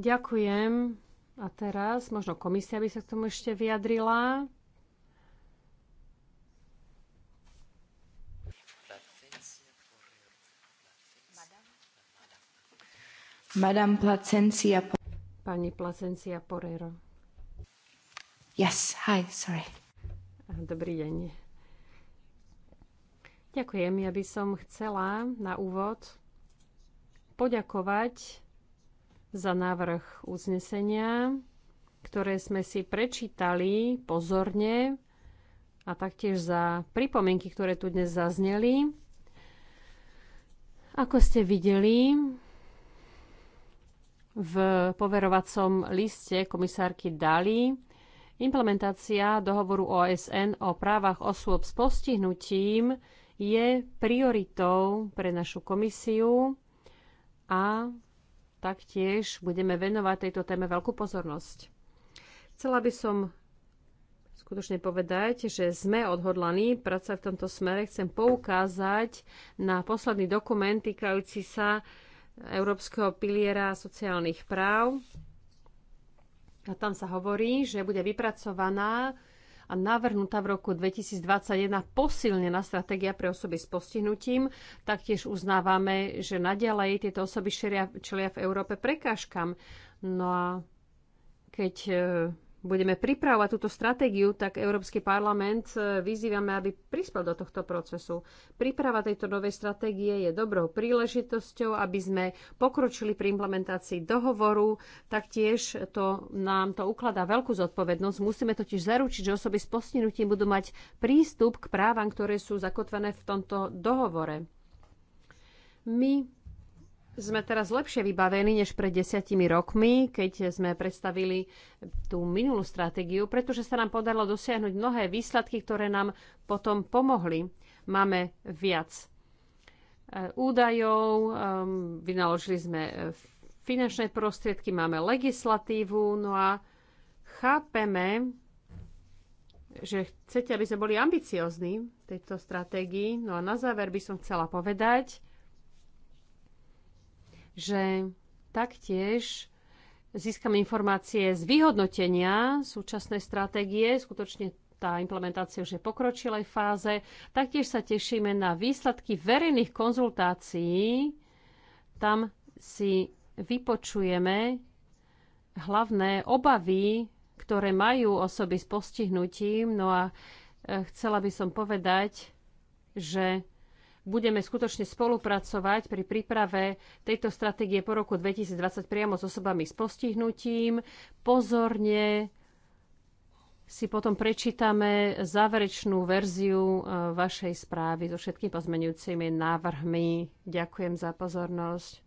Ďakujem. A teraz možno komisia by sa k tomu ešte vyjadrila. Madame Placencia pani Plasencia Porero. Yes, hi, sorry. Dobrý deň. Ďakujem. Ja by som chcela na úvod poďakovať za návrh uznesenia, ktoré sme si prečítali pozorne a taktiež za pripomienky, ktoré tu dnes zazneli. Ako ste videli, v poverovacom liste komisárky Dali implementácia dohovoru OSN o právach osôb s postihnutím je prioritou pre našu komisiu a taktiež budeme venovať tejto téme veľkú pozornosť. Chcela by som skutočne povedať, že sme odhodlaní pracovať v tomto smere. Chcem poukázať na posledný dokument týkajúci sa Európskeho piliera sociálnych práv. A tam sa hovorí, že bude vypracovaná a navrhnutá v roku 2021 posilnená stratégia pre osoby s postihnutím. Taktiež uznávame, že naďalej tieto osoby šeria, čelia v Európe prekážkam. No a keď e, budeme pripravovať túto stratégiu, tak Európsky parlament e, vyzývame, aby prispel do tohto procesu. Príprava tejto novej stratégie je dobrou príležitosťou, aby sme pokročili pri implementácii dohovoru. Taktiež to, nám to ukladá veľkú zodpovednosť. Musíme totiž zaručiť, že osoby s postihnutím budú mať prístup k právam, ktoré sú zakotvené v tomto dohovore. My sme teraz lepšie vybavení než pred desiatimi rokmi, keď sme predstavili tú minulú stratégiu, pretože sa nám podarilo dosiahnuť mnohé výsledky, ktoré nám potom pomohli. Máme viac e, údajov, e, vynaložili sme e, finančné prostriedky, máme legislatívu, no a chápeme, že chcete, aby sme boli ambiciozní v tejto stratégii. No a na záver by som chcela povedať, že taktiež získame informácie z vyhodnotenia súčasnej stratégie, skutočne tá implementácia už je pokročilej fáze. Taktiež sa tešíme na výsledky verejných konzultácií. Tam si vypočujeme hlavné obavy, ktoré majú osoby s postihnutím. No a e, chcela by som povedať, že budeme skutočne spolupracovať pri príprave tejto stratégie po roku 2020 priamo s osobami s postihnutím. Pozorne si potom prečítame záverečnú verziu e, vašej správy so všetkými pozmenujúcimi návrhmi. Ďakujem za pozornosť.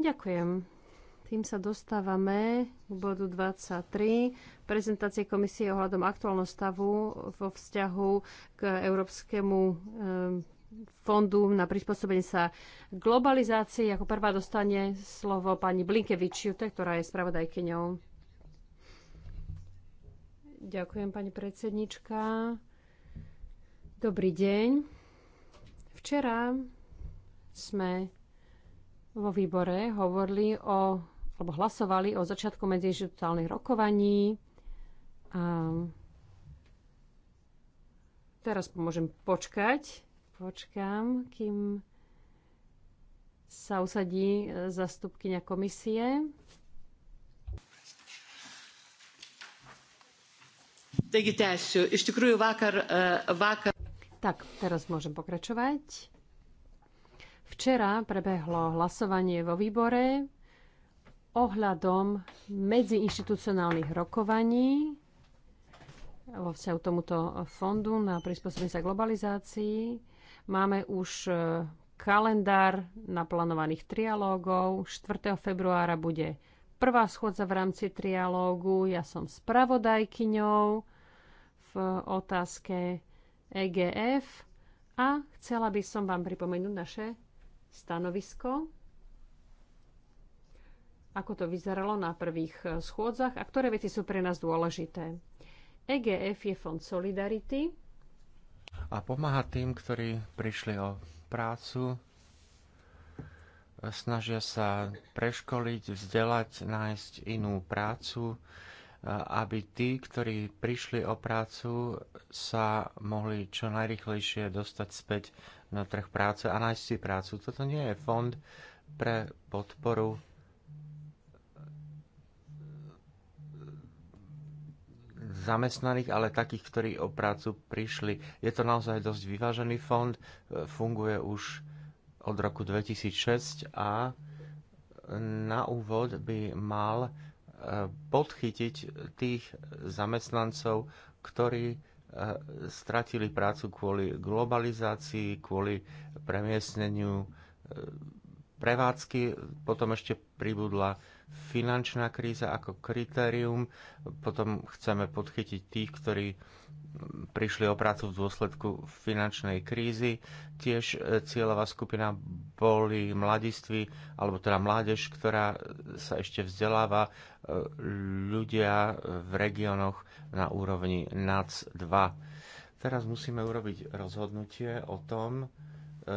Ďakujem. Tým sa dostávame k bodu 23. Prezentácie komisie ohľadom aktuálneho stavu vo vzťahu k Európskemu eh, fondu na prispôsobenie sa globalizácii. Ako prvá dostane slovo pani Blinkevičiute, ktorá je spravodajkyňou. Ďakujem, pani predsednička. Dobrý deň. Včera sme vo výbore hovorili o alebo hlasovali o začiatku medziinstitutálnych rokovaní. A teraz môžem počkať. Počkám, kým sa usadí e, zastupkynia komisie. Taigi tęsiu. Iš tikrųjų vakar, e, vakar... Tak, teraz môžem pokračovať. Včera prebehlo hlasovanie vo výbore ohľadom medziinštitucionálnych rokovaní vo vzťahu tomuto fondu na prispôsobenie sa globalizácii. Máme už e, kalendár naplánovaných trialógov. 4. februára bude prvá schôdza v rámci trialógu. Ja som spravodajkyňou v otázke EGF a chcela by som vám pripomenúť naše stanovisko ako to vyzeralo na prvých e, schôdzach a ktoré veci sú pre nás dôležité. EGF je fond Solidarity. A pomáha tým, ktorí prišli o prácu, snažia sa preškoliť, vzdelať, nájsť inú prácu, e, aby tí, ktorí prišli o prácu, sa mohli čo najrychlejšie dostať späť na trh práce a nájsť si prácu. Toto nie je fond pre podporu zamestnaných, ale takých, ktorí o prácu prišli. Je to naozaj dosť vyvážený fond, e, funguje už od roku 2006 a na úvod by mal e, podchytiť tých zamestnancov, ktorí e, stratili prácu kvôli globalizácii, kvôli premiestneniu prevádzky, potom ešte pribudla finančná kríza ako kritérium, potom chceme podchytiť tých, ktorí prišli o prácu v dôsledku finančnej krízy. Tiež e, cieľová skupina boli mladiství, alebo teda mládež, ktorá sa ešte vzdeláva, e, ľudia v regiónoch na úrovni NAC 2. Teraz musíme urobiť rozhodnutie o tom, e,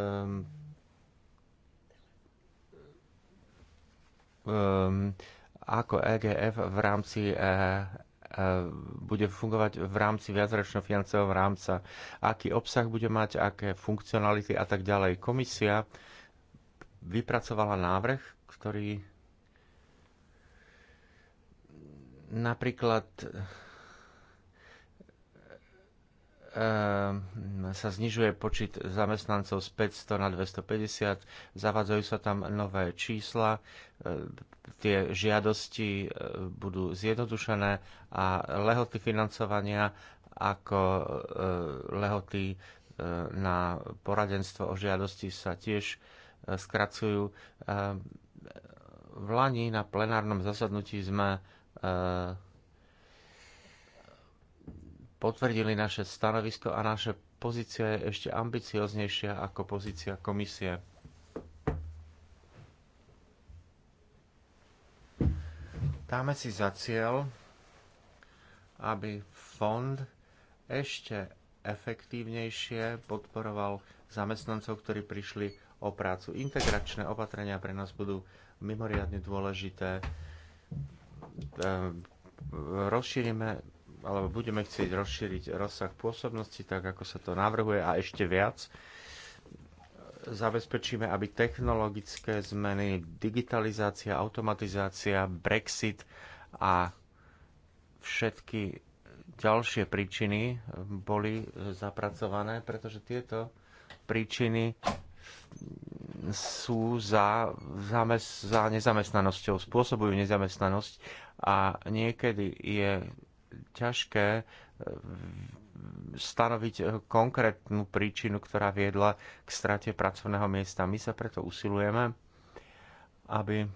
Ehm, ako EGF v rámci eh, eh, bude fungovať v rámci viacročného financového rámca, aký obsah bude mať, aké funkcionality a tak ďalej. Komisia vypracovala návrh, ktorý napríklad Ehm, sa znižuje počet zamestnancov z 500 na 250, zavádzajú sa tam nové čísla, e, tie žiadosti e, budú zjednodušené a lehoty financovania ako e, lehoty na poradenstvo o žiadosti sa tiež skracujú. Ehm, v Lani na plenárnom zasadnutí sme potvrdili naše stanovisko a naša pozícia je ešte ambicioznejšia ako pozícia komisie. Dáme si za cieľ, aby fond ešte efektívnejšie podporoval zamestnancov, ktorí prišli o prácu. Integračné opatrenia pre nás budú mimoriadne dôležité. Ehm, rozšírime alebo budeme chcieť rozšíriť rozsah pôsobnosti, tak ako sa to navrhuje a ešte viac. Zabezpečíme, aby technologické zmeny, digitalizácia, automatizácia, Brexit a všetky ďalšie príčiny boli zapracované, pretože tieto príčiny sú za, zamest- za nezamestnanosťou, spôsobujú nezamestnanosť a niekedy je ťažké eh, stanoviť eh, konkrétnu príčinu, ktorá viedla k strate pracovného miesta. My sa preto usilujeme, aby eh,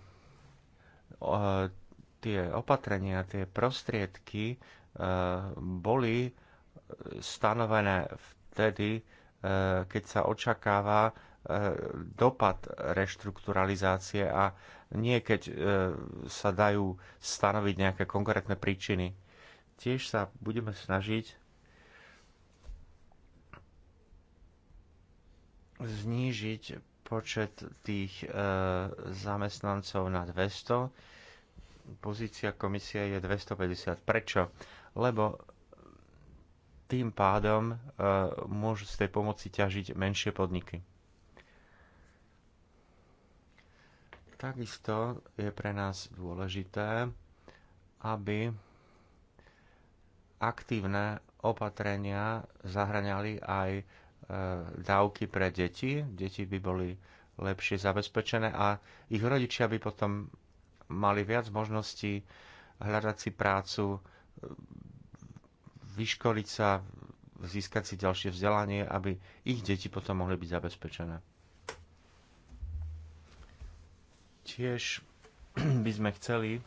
tie opatrenia, tie prostriedky boli stanovené vtedy, keď sa očakáva dopad reštrukturalizácie a nie keď sa dajú stanoviť nejaké konkrétne príčiny Tiež sa budeme snažiť znížiť počet tých e, zamestnancov na 200. Pozícia komisie je 250. Prečo? Lebo tým pádom e, môžu z tej pomoci ťažiť menšie podniky. Takisto je pre nás dôležité, aby aktívne opatrenia zahraňali aj e, dávky pre deti. Deti by boli lepšie zabezpečené a ich rodičia by potom mali viac možností hľadať si prácu, e, vyškoliť sa, získať si ďalšie vzdelanie, aby ich deti potom mohli byť zabezpečené. Tiež by sme chceli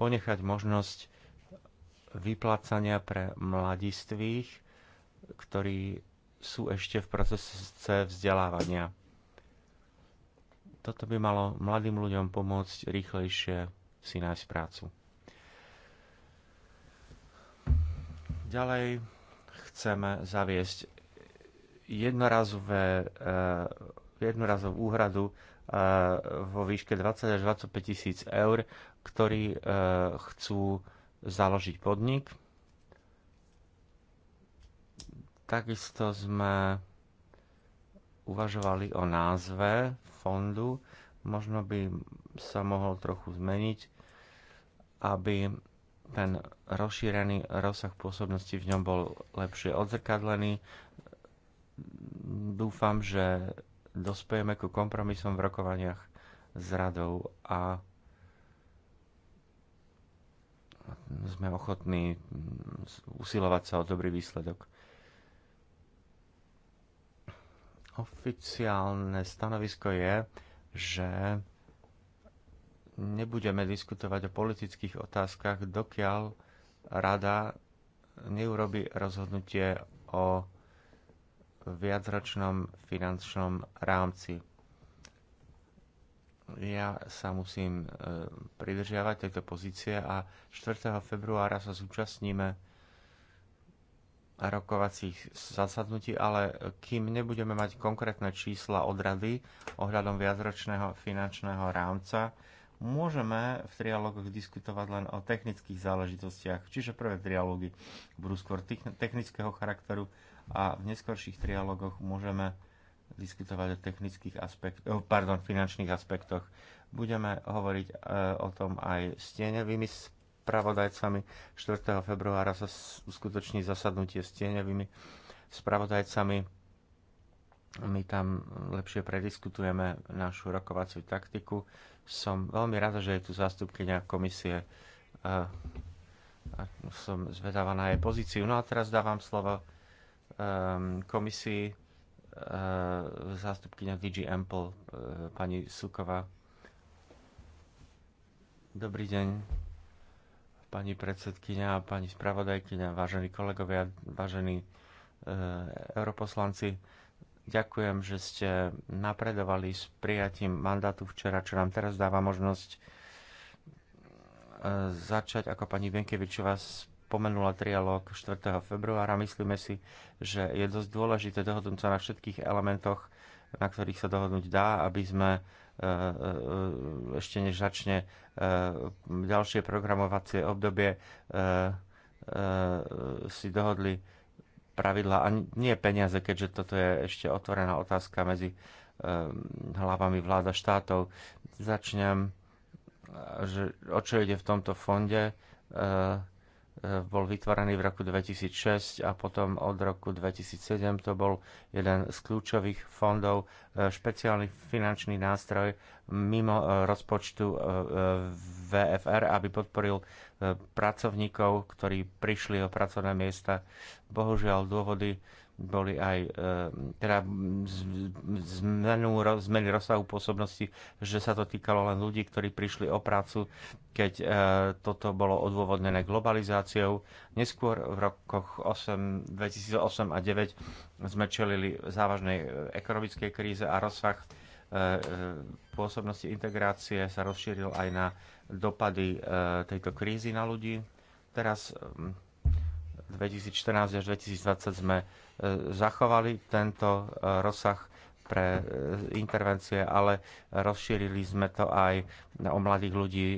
ponechať možnosť vyplácania pre mladistvých, ktorí sú ešte v procese vzdelávania. Toto by malo mladým ľuďom pomôcť rýchlejšie si nájsť prácu. Ďalej chceme zaviesť jednorazové, eh, jednorazovú úhradu eh, vo výške 20 až 25 tisíc eur, ktorí eh, chcú založiť podnik. Takisto sme uvažovali o názve fondu. Možno by sa mohol trochu zmeniť, aby ten rozšírený rozsah pôsobnosti v ňom bol lepšie odzrkadlený. Dúfam, že dospejeme ku kompromisom v rokovaniach s radou a sme ochotní mm, usilovať sa o dobrý výsledok. Oficiálne stanovisko je, že nebudeme diskutovať o politických otázkach, dokiaľ rada neurobi rozhodnutie o viacročnom finančnom rámci ja sa musím e, pridržiavať tejto pozície a 4. februára sa zúčastníme rokovacích zasadnutí, ale kým nebudeme mať konkrétne čísla od rady ohľadom viacročného finančného rámca, môžeme v trialógoch diskutovať len o technických záležitostiach, čiže prvé trialógy budú skôr technického charakteru a v neskorších trialógoch môžeme diskutovať o technických aspektoch, pardon, finančných aspektoch. Budeme hovoriť e, o tom aj s tieňovými spravodajcami. 4. februára sa uskutoční zasadnutie s tieňovými spravodajcami. My tam lepšie prediskutujeme našu rokovaciu taktiku. Som veľmi rada, že je tu zástupkynia komisie. E, a som zvedavá na jej pozíciu. No a teraz dávam slovo e, komisii Eh, zástupkynia DG Ample, eh, pani Suková. Dobrý deň, pani predsedkynia, pani spravodajkynia, vážení kolegovia, vážení uh, europoslanci. Ďakujem, že ste napredovali s prijatím mandátu včera, čo nám teraz dáva možnosť začať, ako pani Vienkevičová spomenula trialog 4. februára. Myslíme si, že je dosť dôležité dohodnúť sa na všetkých elementoch, na ktorých sa dohodnúť dá, aby sme e, e, e, ešte než začne ďalšie programovacie obdobie si dohodli pravidla a nie peniaze, keďže toto je ešte otvorená otázka medzi hlavami vláda štátov. Začnem, že o čo ide v tomto fonde. Eh, bol vytvorený v roku 2006 a potom od roku 2007 to bol jeden z kľúčových fondov, eh, špeciálny finančný nástroj mimo eh, rozpočtu VFR, aby podporil pracovníkov, ktorí prišli o pracovné miesta. Bohužiaľ dôvody boli aj e, teda zmenu, zmeny rozsahu pôsobnosti, že sa to týkalo len ľudí, ktorí prišli o prácu, keď e, toto bolo odôvodnené globalizáciou. Neskôr v rokoch 8, 2008 a 2009 sme čelili závažnej e, ekonomickej kríze a rozsah pôsobnosti integrácie sa rozšíril aj na dopady tejto krízy na ľudí. Teraz 2014 až 2020 sme E, zachovali tento e, rozsah pre e, intervencie, ale rozšírili sme to aj o mladých ľudí,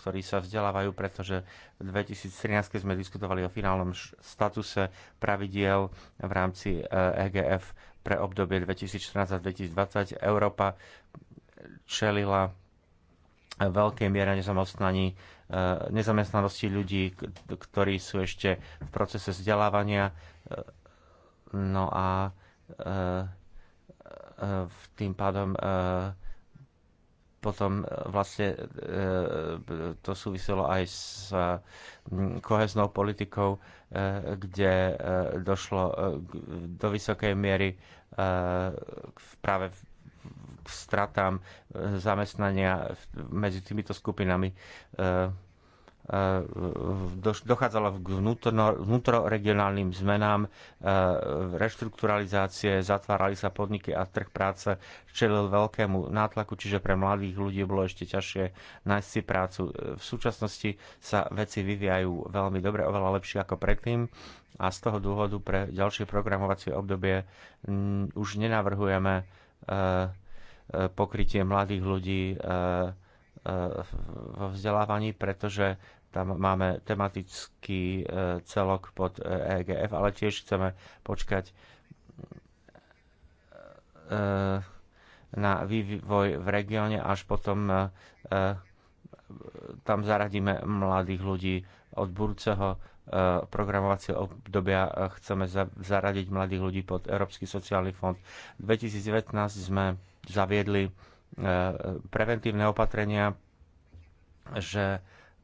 ktorí sa vzdelávajú, pretože v 2013 sme diskutovali o finálnom statuse pravidiel v rámci EGF pre obdobie 2014 a 2020. Európa čelila veľkej miere nezamestnaní, nezamestnanosti ľudí, ktorí sú ešte v procese vzdelávania No a e, e, v tým pádom e, potom vlastne to súviselo aj s koheznou politikou, kde došlo do vysokej miery práve k stratám zamestnania medzi týmito skupinami dochádzalo k vnútorno, vnútroregionálnym zmenám, e, reštrukturalizácie, zatvárali sa podniky a trh práce čelil veľkému nátlaku, čiže pre mladých ľudí bolo ešte ťažšie nájsť si prácu. E, v súčasnosti sa veci vyvíjajú veľmi dobre, oveľa lepšie ako predtým a z toho dôvodu pre ďalšie programovacie obdobie už nenavrhujeme e, pokrytie mladých ľudí vo vzdelávaní, pretože tam máme tematický e, celok pod EGF, e ale tiež chceme počkať e, na vývoj v regióne, až potom tam zaradíme mladých ľudí od budúceho programovacieho obdobia chceme zaradiť mladých ľudí pod Európsky sociálny fond. V 2019 sme zaviedli preventívne opatrenia, že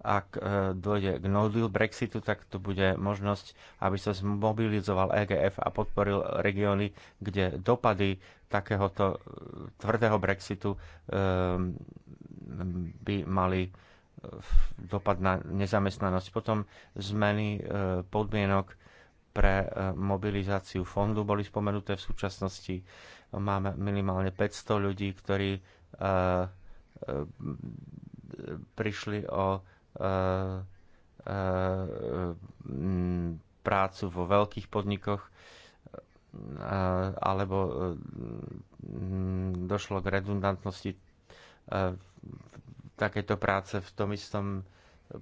ak e, dojde k no-deal Brexitu, tak to bude možnosť, aby sa zmobilizoval EGF a podporil regióny, kde dopady takéhoto e, tvrdého Brexitu e, by mali dopad na nezamestnanosť. Potom zmeny podmienok pre mobilizáciu fondu boli spomenuté. V súčasnosti máme minimálne 500 ľudí, ktorí prišli o Eh, eh, mm, prácu vo veľkých podnikoch, eh, alebo došlo k redundantnosti takéto práce v tom istom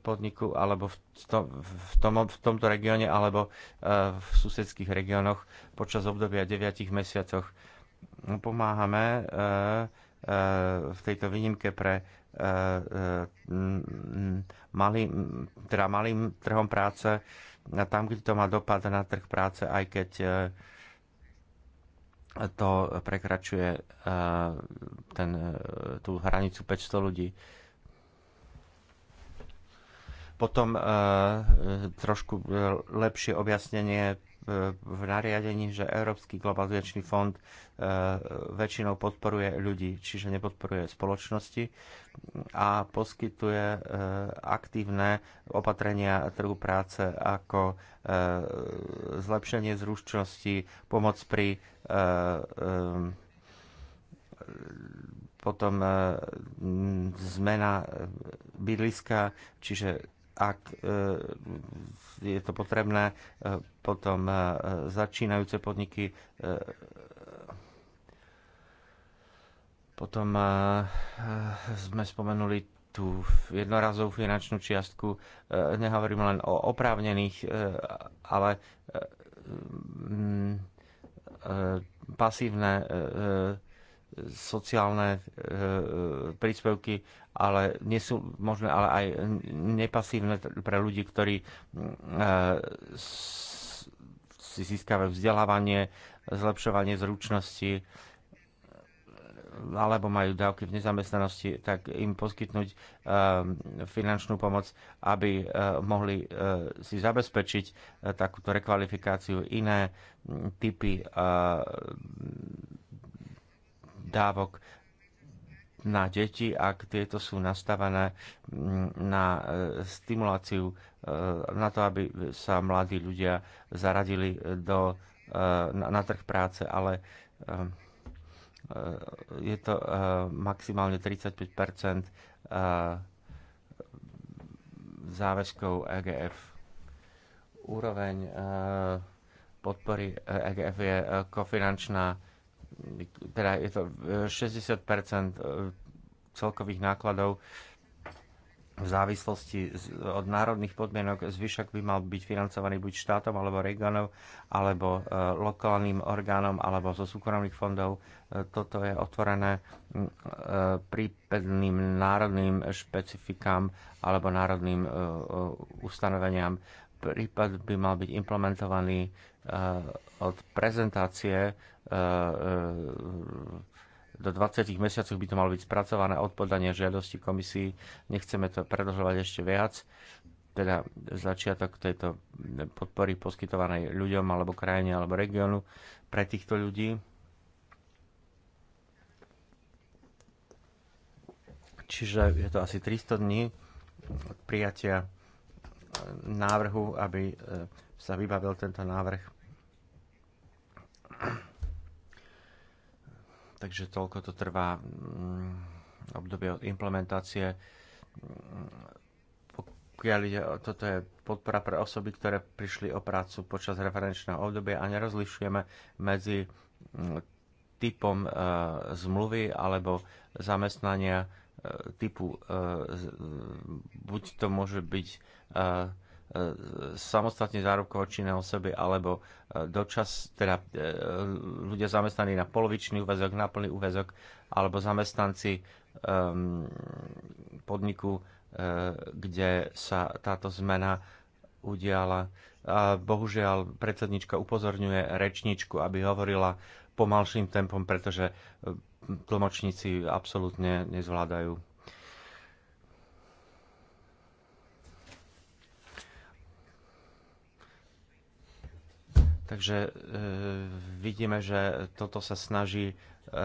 podniku alebo v, tom, v, tom, v tomto regióne alebo v susedských regiónoch počas obdobia 9 mesiacoch. Pomáhame v tejto výnimke pre E, e, malým, teda malým trhom práce, tam, kde to má dopad na trh práce, aj keď e, to prekračuje ten, tú hranicu 500 ľudí. Potom trošku lepšie objasnenie v nariadení, že Európsky globalizačný fond e, väčšinou podporuje ľudí, čiže nepodporuje spoločnosti a poskytuje e, aktívne opatrenia trhu práce ako e, zlepšenie zručnosti, pomoc pri potom zmena bydliska, čiže ak e, je to potrebné, e, potom e, začínajúce podniky, potom sme spomenuli tú jednorazovú finančnú čiastku, nehovorím len o oprávnených, ale pasívne sociálne e, e, príspevky, ale nie sú možné, ale aj nepasívne pre ľudí, ktorí mm, e, si získajú vzdelávanie, zlepšovanie zručnosti alebo majú dávky v nezamestnanosti, tak im poskytnúť finančnú pomoc, aby mohli si zabezpečiť takúto rekvalifikáciu. Iné typy dávok na deti, ak tieto sú nastavené mm, na e, stimuláciu, e, na to, aby sa mladí ľudia zaradili do, e, na, trh práce, ale je to maximálne 35 záväzkov EGF. Úroveň podpory EGF je kofinančná teda je to 60 e, e, celkových nákladov v závislosti od národných podmienok. Zvyšok by mal byť financovaný buď štátom alebo regionom, alebo e, lokálnym orgánom, alebo zo súkromných fondov. Toto je otvorené prípadným národným špecifikám alebo národným ustanoveniam. Prípad by mal byť implementovaný od prezentácie E, e, do 20 mesiacov by to malo byť spracované od žiadosti komisii. Nechceme to predlžovať ešte viac. Teda začiatok tejto podpory poskytovanej ľuďom alebo krajine alebo regiónu pre týchto ľudí. Čiže je to asi 300 dní od prijatia návrhu, aby e, sa vybavil tento návrh takže toľko to trvá mm, obdobie od implementácie. Pokiaľ ide, toto je podpora pre osoby, ktoré prišli o prácu počas referenčného obdobia a nerozlišujeme medzi mm, typom e, zmluvy alebo zamestnania e, typu e, buď to môže byť e, E, samostatne zárobkovo činné osoby alebo e, dočas, teda e, ľudia zamestnaní na polovičný úvezok, na plný úvezok alebo zamestnanci podniku, kde sa táto zmena udiala. A bohužiaľ, predsednička upozorňuje rečničku, aby hovorila pomalším tempom, pretože tlmočníci absolútne nezvládajú Takže e, vidíme, že toto sa snaží e,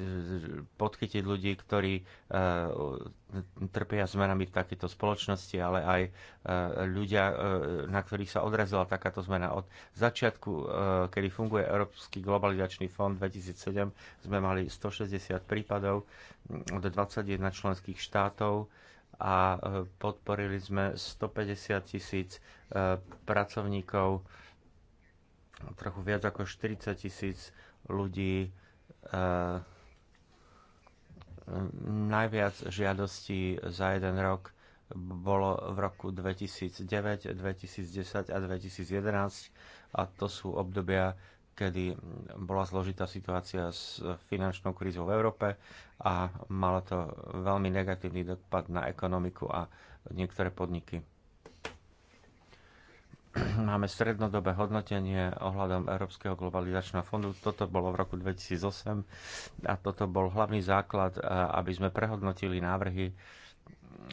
e podchytiť ľudí, ktorí e, trpia zmenami v takejto spoločnosti, ale aj e, ľudia, na ktorých sa odrazila takáto zmena. Od začiatku, kedy funguje Európsky globalizačný fond 2007, sme mali 160 prípadov od 21 členských štátov a e, podporili sme 150 tisíc e, pracovníkov, trochu viac ako 40 tisíc ľudí, e, najviac žiadostí za jeden rok bolo v roku 2009, 2010 a 2011 a to sú obdobia, kedy bola zložitá situácia s finančnou krízou v Európe a malo to veľmi negatívny dopad na ekonomiku a niektoré podniky. Máme strednodobé hodnotenie ohľadom Európskeho globalizačného fondu. Toto bolo v roku 2008 a toto bol hlavný základ, eh, aby sme prehodnotili návrhy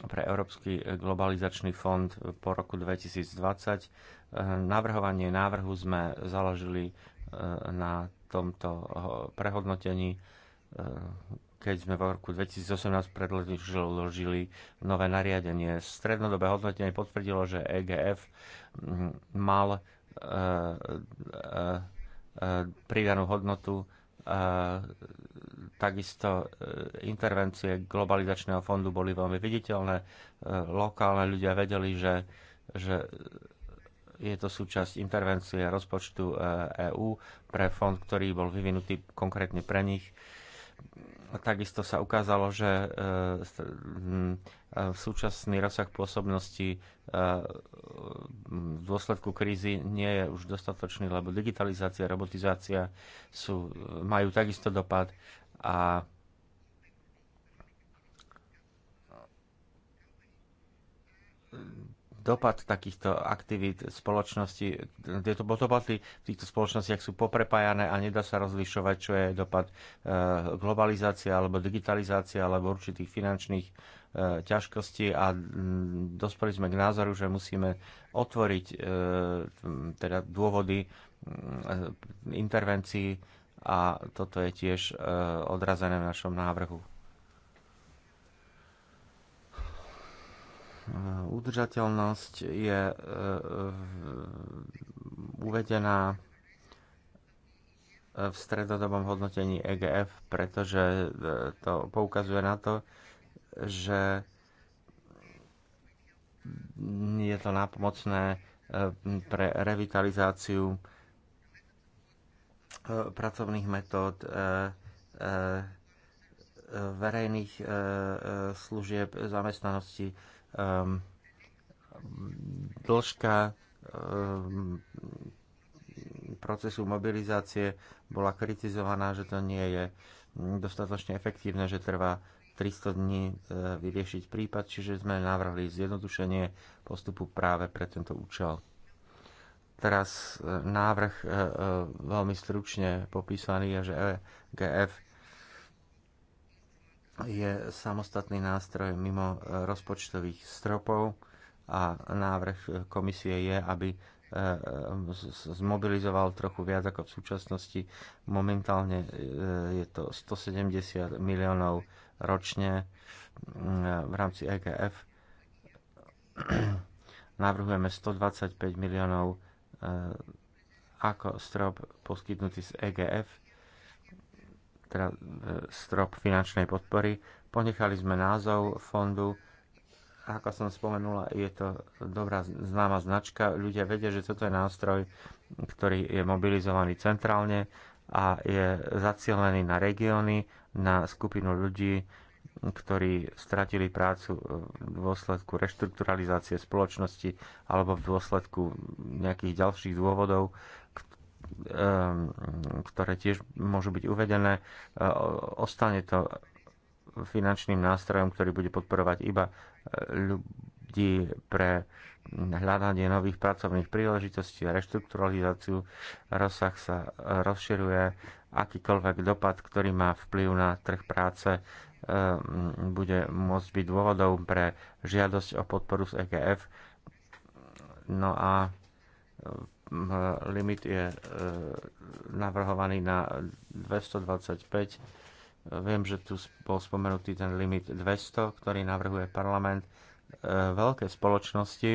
pre Európsky globalizačný fond po roku 2020. Eh, navrhovanie návrhu sme založili Eh, na tomto eh, prehodnotení, eh, keď sme v roku 2018 predložili nové nariadenie. Strednodobé hodnotenie potvrdilo, že EGF mm, mal pridanú hodnotu takisto intervencie globalizačného fondu boli veľmi viditeľné. Lokálne ľudia vedeli, že, že je to súčasť intervencie rozpočtu EÚ e pre fond, ktorý bol vyvinutý konkrétne pre nich. Takisto sa ukázalo, že e, e, súčasný rozsah pôsobnosti v dôsledku krízy nie je už dostatočný, lebo digitalizácia, robotizácia sú, majú takisto dopad a dopad takýchto aktivít spoločnosti, tieto dopady v týchto spoločnostiach sú poprepájané a nedá sa rozlišovať, čo je dopad e, globalizácia alebo digitalizácia alebo určitých finančných e, ťažkostí a dospeli sme k názoru, že musíme otvoriť e, teda dôvody intervencií a toto je tiež odrazené v našom návrhu. Eh, udržateľnosť je eh, uvedená eh, v stredodobom hodnotení EGF, pretože to poukazuje na to, že je to nápomocné pre revitalizáciu pracovných metód, verejných služieb, zamestnanosti, um, dĺžka um, procesu mobilizácie bola kritizovaná, že to nie je dostatočne efektívne, že trvá 300 dní e, vyriešiť prípad, čiže sme navrhli zjednodušenie postupu práve pre tento účel. Teraz e, návrh e, veľmi stručne popísaný je, že GF je samostatný nástroj mimo e, rozpočtových stropov a návrh komisie je, aby e, zmobilizoval trochu viac ako v súčasnosti. Momentálne e, je to 170 miliónov ročne v rámci EGF. Navrhujeme 125 miliónov ako strop poskytnutý z EGF teda e, strop finančnej podpory. Ponechali sme názov fondu. Ako som spomenula, je to dobrá známa značka. Ľudia vedia, že toto je nástroj, ktorý je mobilizovaný centrálne a je zacielený na regióny, na skupinu ľudí, ktorí stratili prácu v dôsledku reštrukturalizácie spoločnosti alebo v dôsledku nejakých ďalších dôvodov Um, ktoré tiež môžu byť uvedené. Uh, ostane to finančným nástrojom, ktorý bude podporovať iba uh, ľudí pre hľadanie nových pracovných príležitostí a reštrukturalizáciu. Rozsah sa uh, rozširuje. Akýkoľvek dopad, ktorý má vplyv na trh práce, bude môcť byť dôvodom pre žiadosť o podporu z EGF. No a Limit je e, navrhovaný na 225. Viem, že tu bol spomenutý ten limit 200, ktorý navrhuje parlament. E, veľké spoločnosti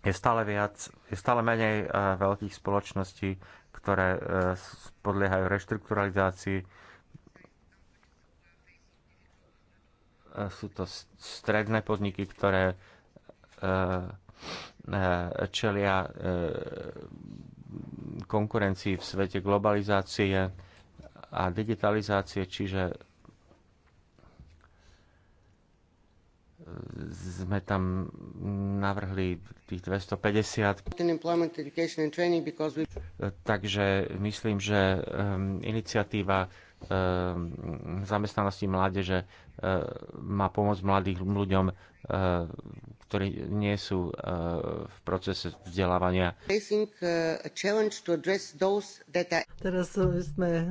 je stále, viac, je stále menej e, veľkých spoločností, ktoré podliehajú reštrukturalizácii. Sú to stredné podniky, ktoré Eh, čelia eh, konkurencii v svete globalizácie a digitalizácie, čiže eh, sme tam navrhli tých 250. Takže myslím, že ehm, iniciatíva ehm, zamestnanosti mládeže má pomôcť mladým ľuďom ktorí nie sú e, v procese vzdelávania. E, Teraz e, sme v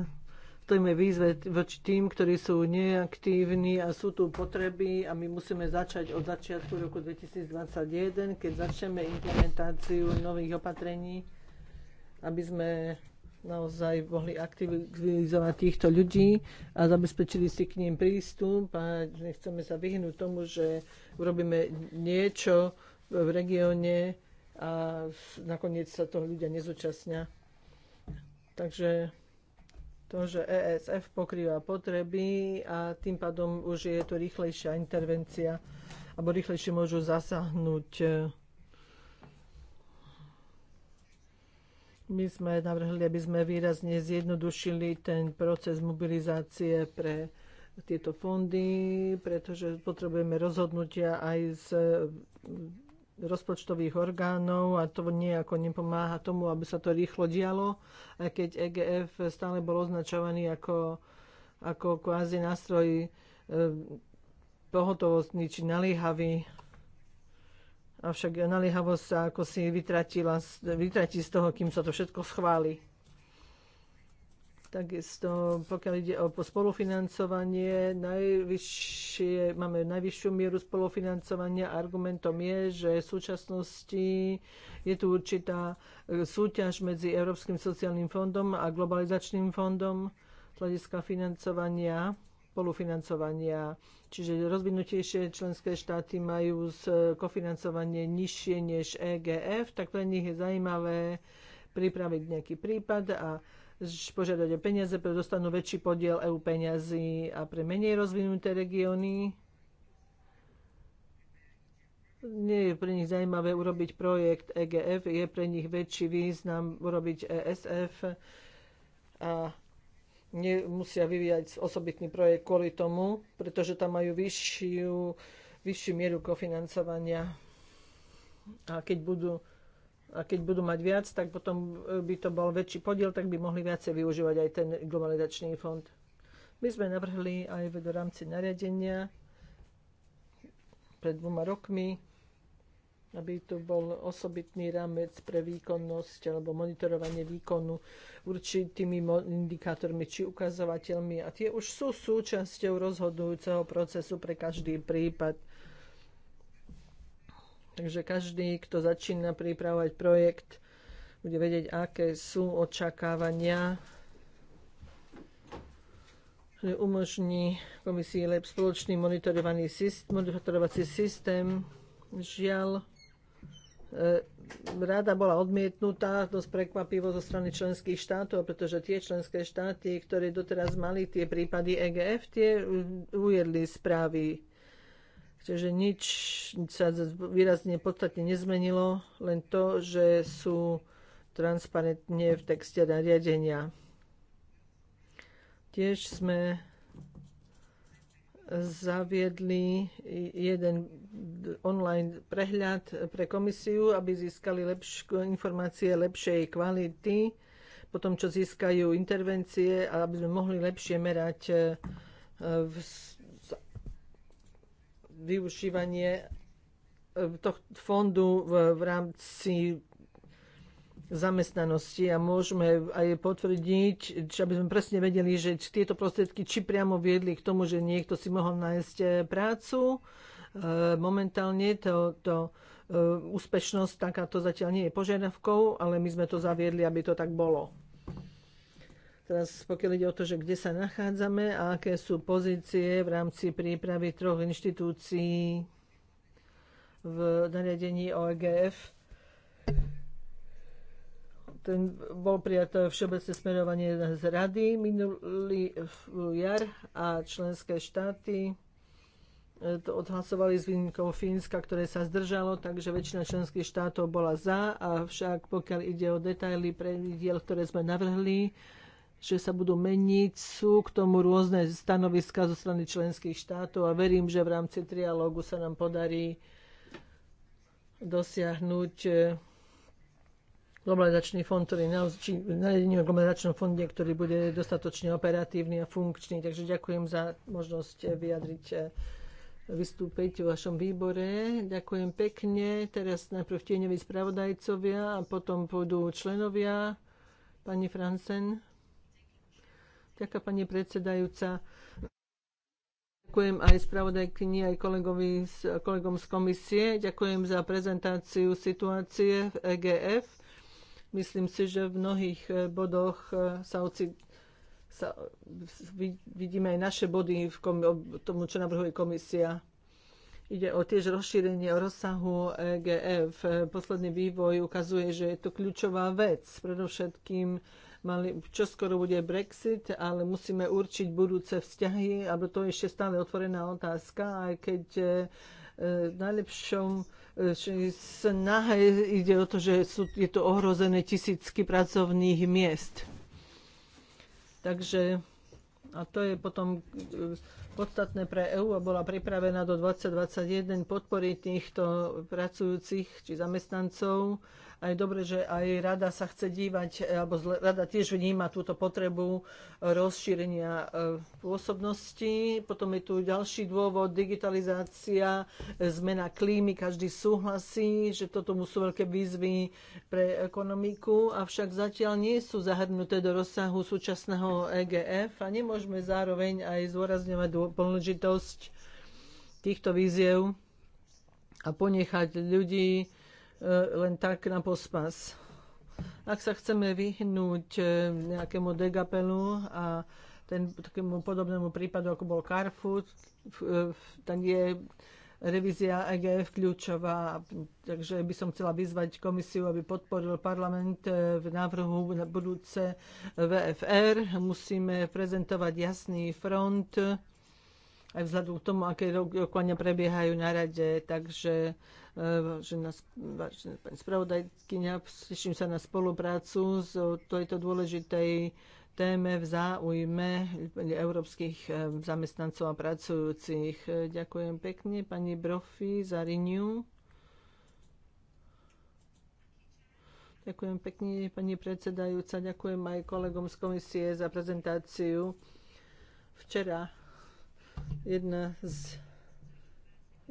stojíme výzve voči tým, ktorí sú neaktívni a sú tu potreby a my musíme začať od začiatku roku 2021, keď začneme implementáciu nových opatrení, aby sme naozaj mohli aktivizovať týchto ľudí a zabezpečili si k ním prístup a nechceme sa vyhnúť tomu, že urobíme niečo v regióne a nakoniec sa toho ľudia nezúčastnia. Takže to, že ESF pokrýva potreby a tým pádom už je to rýchlejšia intervencia alebo rýchlejšie môžu zasahnuť. My sme navrhli, aby sme výrazne zjednodušili ten proces mobilizácie pre tieto fondy, pretože potrebujeme rozhodnutia aj z e, rozpočtových orgánov a to nejako nepomáha tomu, aby sa to rýchlo dialo, aj keď EGF stále bol označovaný ako, ako kvázi nástroj e, pohotovostný či naliehavý Avšak naliehavosť sa ako si vytratila, vytratí z toho, kým sa to všetko schváli. Takisto, pokiaľ ide o spolufinancovanie, najvyššie, máme najvyššiu mieru spolufinancovania. Argumentom je, že v súčasnosti je tu určitá e, súťaž medzi Európskym sociálnym fondom a globalizačným fondom z hľadiska financovania spolufinancovania. Čiže rozvinutejšie členské štáty majú kofinancovanie nižšie než EGF, tak pre nich je zaujímavé pripraviť nejaký prípad a požiadať o peniaze, preto dostanú väčší podiel EU peniazy a pre menej rozvinuté regióny nie je pre nich zaujímavé urobiť projekt EGF, je pre nich väčší význam urobiť ESF a nemusia vyvíjať osobitný projekt kvôli tomu, pretože tam majú vyššiu, vyššiu mieru kofinancovania. A keď budú a keď budú mať viac, tak potom by to bol väčší podiel, tak by mohli viacej využívať aj ten globalizačný fond. My sme navrhli aj v rámci nariadenia pred dvoma rokmi aby tu bol osobitný rámec pre výkonnosť alebo monitorovanie výkonu určitými indikátormi či ukazovateľmi. A tie už sú súčasťou rozhodujúceho procesu pre každý prípad. Takže každý, kto začína pripravovať projekt, bude vedieť, aké sú očakávania že umožní komisii LEP spoločný monitorovací systém. Žiaľ, E, rada bola odmietnutá dosť prekvapivo zo strany členských štátov, pretože tie členské štáty, ktoré doteraz mali tie prípady EGF, tie ujedli správy. Čiže nič sa výrazne podstatne nezmenilo, len to, že sú transparentne v texte nariadenia. Tiež sme zaviedli jeden online prehľad pre komisiu, aby získali lepš- informácie lepšej kvality, potom čo získajú intervencie a aby sme mohli lepšie merať e, v využívanie e, tohto fondu v, v rámci zamestnanosti a môžeme aj potvrdiť, či aby sme presne vedeli, že tieto prostriedky či priamo viedli k tomu, že niekto si mohol nájsť eh, prácu. Eh, momentálne to, to eh, úspešnosť takáto zatiaľ nie je požiadavkou, ale my sme to zaviedli, aby to tak bolo. Teraz pokiaľ ide o to, že kde sa nachádzame a aké sú pozície v rámci prípravy troch inštitúcií v nariadení OEGF, ten bol prijaté všeobecné smerovanie z rady minulý jar a členské štáty e, to odhlasovali s výnimkou Fínska, ktoré sa zdržalo, takže väčšina členských štátov bola za, avšak pokiaľ ide o detaily prediel, ktoré sme navrhli, že sa budú meniť, sú k tomu rôzne stanoviska zo strany členských štátov a verím, že v rámci trialógu sa nám podarí dosiahnuť e, globalizačný fond, ktorý či nariadenie globalizačnom fonde, ktorý bude dostatočne operatívny a funkčný. Takže ďakujem za možnosť eh, vyjadriť eh, vystúpiť v vašom výbore. Ďakujem pekne. Teraz najprv tieňoví spravodajcovia a potom pôjdu členovia. Pani Fransen. Ďakujem, pani predsedajúca. Ďakujem aj spravodajkyni, aj kolegovi, kolegom z komisie. Ďakujem za prezentáciu situácie v EGF. Myslím si, že v mnohých eh, bodoch eh, sa oci sa, vidíme aj naše body v kom, tomu, čo navrhuje komisia. Ide o tiež rozšírenie rozsahu EGF. Posledný vývoj ukazuje, že je to kľúčová vec. Predovšetkým mali, čo skoro bude Brexit, ale musíme určiť budúce vzťahy, aby to je ešte stále otvorená otázka, aj keď eh, v najlepšom snaha ide o to, že sú, je to ohrozené tisícky pracovných miest. Takže a to je potom e, podstatné pre EÚ a bola pripravená do 2021 podporiť týchto pracujúcich či zamestnancov a je dobre, že aj rada sa chce dívať, e, alebo rada tiež vníma túto potrebu e, rozšírenia e, pôsobnosti. Potom je tu ďalší dôvod, digitalizácia, zmena klímy. Každý súhlasí, že toto sú veľké výzvy pre ekonomiku, avšak zatiaľ nie sú zahrnuté do rozsahu súčasného EGF a nemôžeme zároveň aj zdôrazňovať dôležitosť týchto víziev a ponechať ľudí len tak na pospas. Ak sa chceme vyhnúť e, nejakému degapelu a ten, takému podobnému prípadu, ako bol Carrefour, tak je revízia EGF kľúčová. Takže by som chcela vyzvať komisiu, aby podporil parlament e, v návrhu na budúce VFR. Musíme prezentovať jasný front aj vzhľadom k tomu, aké rokovania prebiehajú na rade. Takže vážená, vážená pani spravodajkynia, teším sa na spoluprácu s tejto dôležitej téme v záujme európskych eh, zamestnancov a pracujúcich. Ďakujem pekne pani Brofi za riniu. Ďakujem pekne pani predsedajúca, ďakujem aj kolegom z komisie za prezentáciu. Včera jedna z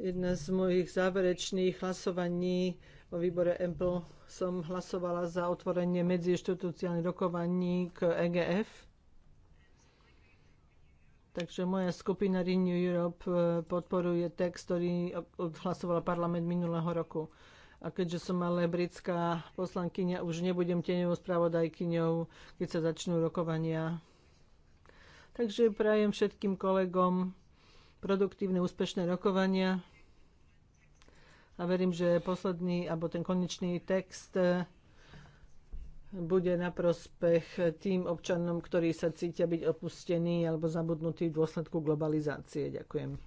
jedna z mojich záverečných hlasovaní vo výbore EMPL som hlasovala za otvorenie medziinstitucionálnych rokovaní k EGF. Takže moja skupina Renew Europe e, podporuje text, ktorý odhlasovala parlament minulého roku. A keďže som ale britská poslankyňa, už nebudem tieňovou spravodajkyňou, keď sa začnú rokovania. Takže prajem všetkým kolegom produktívne, úspešné rokovania a verím, že posledný alebo ten konečný text e, bude na prospech tým občanom, ktorí sa cítia byť opustení alebo zabudnutí v dôsledku globalizácie. Ďakujem.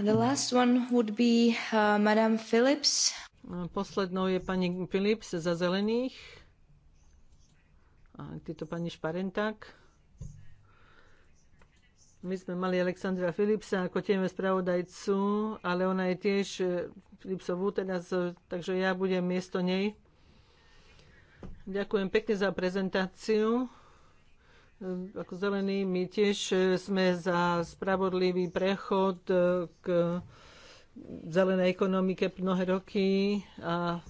The last one would be uh, Madame Phillips. Poslednou je pani Phillips za zelených. A je to pani Šparenták. My sme mali Alexandra Filipsa ako tieme spravodajcu, ale ona je tiež Filipsovú e, teraz, e, takže ja budem miesto nej. Ďakujem pekne za prezentáciu. E, ako zelení, my tiež sme za spravodlivý prechod k zelenej ekonomike mnohé roky a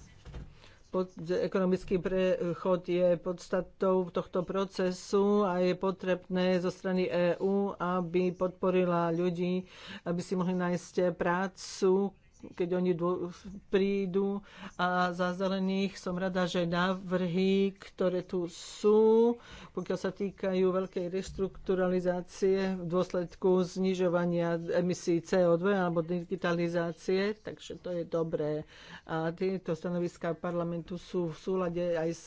ekonomický prechod je podstatou tohto procesu a je potrebné zo strany EÚ, aby podporila ľudí, aby si mohli nájsť prácu, keď oni prídu. A za zelených som rada, že návrhy, ktoré tu sú, pokiaľ sa týkajú veľkej reštrukturalizácie v dôsledku znižovania emisí CO2 alebo digitalizácie, takže to je dobré. A tieto stanoviská parlamentu sú v súlade aj s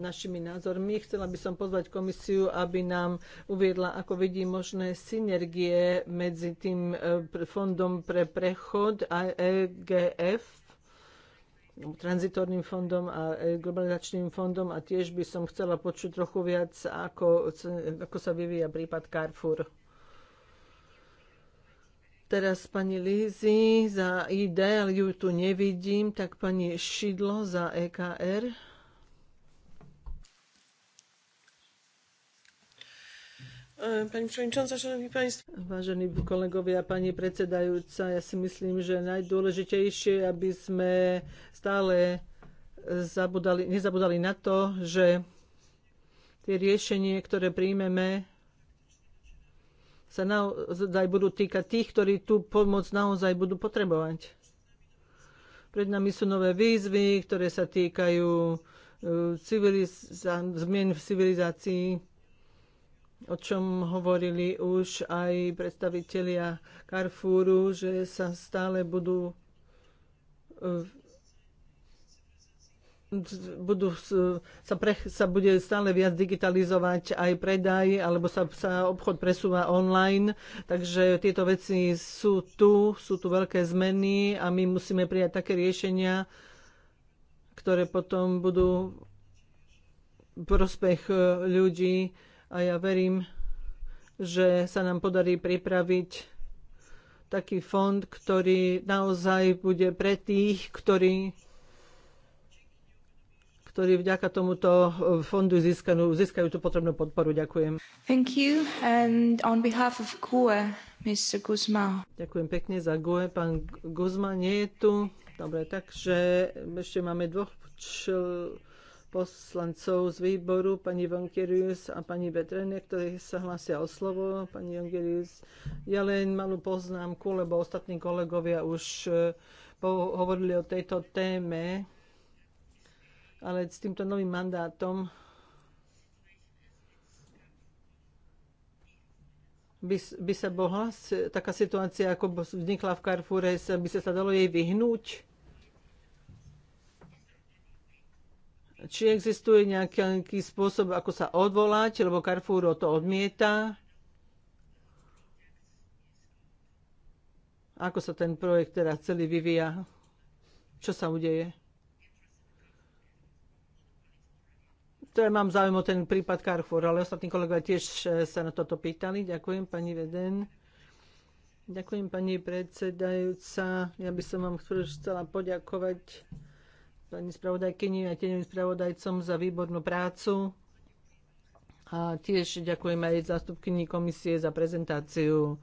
našimi názormi. Chcela by som pozvať komisiu, aby nám uviedla, ako vidí možné synergie medzi tým eh, fondom pre prechod a EGF, tranzitorným fondom a e, globalizačným fondom a tiež by som chcela počuť trochu viac, ako, ako sa vyvíja prípad Carrefour. Teraz pani Lízy za ID, ale ju tu nevidím, tak pani Šidlo za EKR. E, pani przewodnicząca, szanowni państwo. Vážení kolegovia, pani predsedajúca, ja si myslím, že najdôležitejšie, aby sme stále zabudali, nezabudali na to, že tie riešenie, ktoré príjmeme, sa naozaj budú týkať tých, ktorí tú pomoc naozaj budú potrebovať. Pred nami sú nové výzvy, ktoré sa týkajú e, civiliz- zmien v civilizácii, o čom hovorili už aj predstavitelia Carrefouru, že sa stále budú budú, sa, pre, sa bude stále viac digitalizovať aj predaj, alebo sa, sa obchod presúva online. Takže tieto veci sú tu, sú tu veľké zmeny a my musíme prijať také riešenia, ktoré potom budú prospech eh, ľudí, a ja verím, že sa nám podarí pripraviť taký fond, ktorý naozaj bude pre tých, ktorí ktorí vďaka tomuto fondu získanú, získajú tú potrebnú podporu. Ďakujem. Thank you. And on behalf of GUE, Mr. Ďakujem pekne za GUE. Pán Guzma nie je tu. Dobre, takže ešte máme dvoch čl- poslancov z výboru, pani Vonkerius a pani Betrene, ktorí sa hlásia o slovo. Pani Vonkerius, ja len malú poznámku, lebo ostatní kolegovia už e, hovorili o tejto téme, ale s týmto novým mandátom by, by sa mohla taká situácia, ako vznikla v Carrefoure, by sa sa dalo jej vyhnúť? či existuje nejaký, nejaký spôsob, ako sa odvolať, lebo Carrefour to odmieta. Ako sa ten projekt teraz celý vyvíja? Čo sa udeje? ja mám záujem o ten prípad Carrefour, ale ostatní kolegovia tiež eh, sa na toto pýtali. Ďakujem, pani Veden. Ďakujem, pani predsedajúca. Ja by som vám chcela poďakovať pani spravodajkyni a tieňovým spravodajcom za výbornú prácu. A tiež ďakujem aj zástupkyni komisie za prezentáciu.